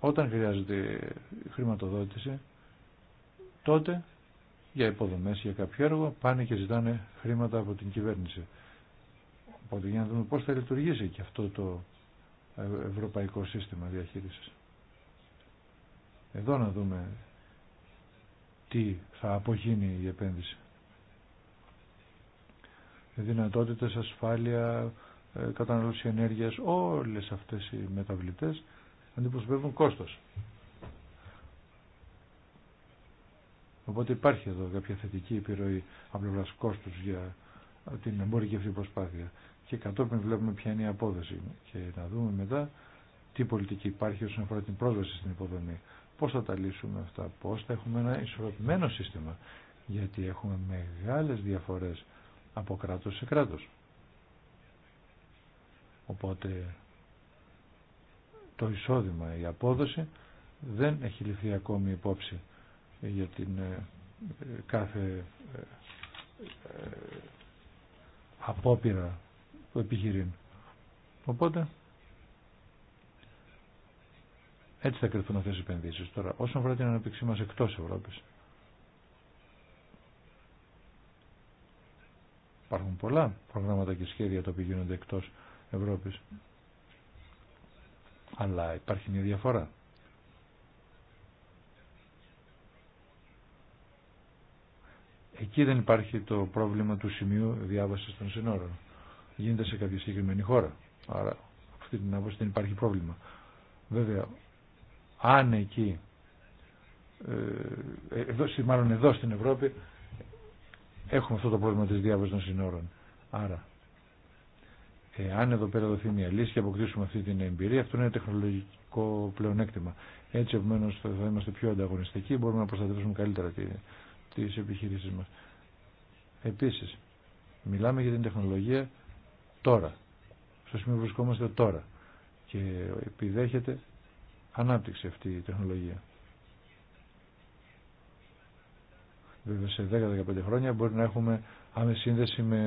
Speaker 1: Όταν χρειάζεται χρηματοδότηση, τότε για υποδομές, για κάποιο έργο, πάνε και ζητάνε χρήματα από την κυβέρνηση. Οπότε για να δούμε πώς θα λειτουργήσει και αυτό το ευρωπαϊκό σύστημα διαχείρισης. Εδώ να δούμε τι θα απογίνει η επένδυση. Δυνατότητες, ασφάλεια, ε, κατανάλωση ενέργειας, όλες αυτές οι μεταβλητές αντιπροσωπεύουν κόστος. Οπότε υπάρχει εδώ κάποια θετική επιρροή απλώς κόστους για την εμπόρικη αυτή προσπάθεια. Και κατόπιν βλέπουμε ποια είναι η απόδοση και να δούμε μετά τι πολιτική υπάρχει όσον αφορά την πρόσβαση στην υποδομή. Πώς θα τα λύσουμε αυτά, πώς θα έχουμε ένα ισορροπημένο σύστημα, γιατί έχουμε μεγάλες διαφορές από κράτος σε κράτος. Οπότε το εισόδημα, η απόδοση δεν έχει ληφθεί ακόμη υπόψη για την ε, κάθε ε, ε, απόπειρα του επιχειρήν. Οπότε έτσι θα κρυφθούν αυτέ οι επενδύσει. Τώρα, όσον αφορά την αναπτυξή μα εκτό Ευρώπης, υπάρχουν πολλά προγράμματα και σχέδια τα οποία γίνονται εκτό Ευρώπη. Αλλά υπάρχει μια διαφορά. Εκεί δεν υπάρχει το πρόβλημα του σημείου διάβαση των συνόρων. Γίνεται σε κάποια συγκεκριμένη χώρα. Άρα αυτή την άποψη δεν υπάρχει πρόβλημα. Βέβαια, αν εκεί, ε, ε, εδώ, μάλλον εδώ στην Ευρώπη, έχουμε αυτό το πρόβλημα της διάβασης των συνόρων. Άρα, αν εδώ πέρα δοθεί μια λύση και αποκτήσουμε αυτή την εμπειρία, αυτό είναι τεχνολογικό πλεονέκτημα. Έτσι, επομένω, θα είμαστε πιο ανταγωνιστικοί, μπορούμε να προστατεύσουμε καλύτερα τις επιχειρήσεις μας. Επίσης, μιλάμε για την τεχνολογία τώρα. Στο σημείο βρισκόμαστε τώρα. Και επιδέχεται ανάπτυξη αυτή η τεχνολογία. Βέβαια σε 10-15 χρόνια μπορεί να έχουμε άμεση σύνδεση με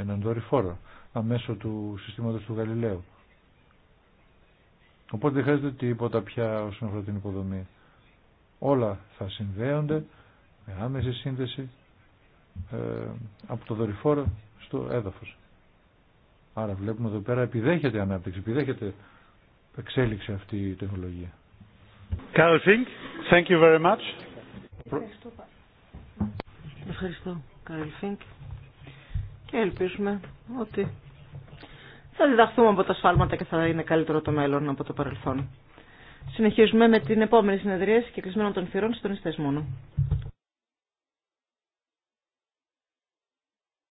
Speaker 1: έναν δορυφόρο αμέσω του συστήματος του Γαλιλαίου. Οπότε δεν χρειάζεται τίποτα πια όσον αφορά την υποδομή. Όλα θα συνδέονται με άμεση σύνδεση ε, από το δορυφόρο στο έδαφος. Άρα βλέπουμε εδώ πέρα επιδέχεται ανάπτυξη, επιδέχεται εξέλιξε αυτή η τεχνολογία.
Speaker 2: Fink, thank you very much. Ευχαριστώ. Ευχαριστώ, Και ελπίζουμε ότι θα διδαχθούμε από τα σφάλματα και θα είναι καλύτερο το μέλλον από το παρελθόν. Συνεχίζουμε με την επόμενη συνεδρίαση και κλεισμένο των θυρών στον μόνο.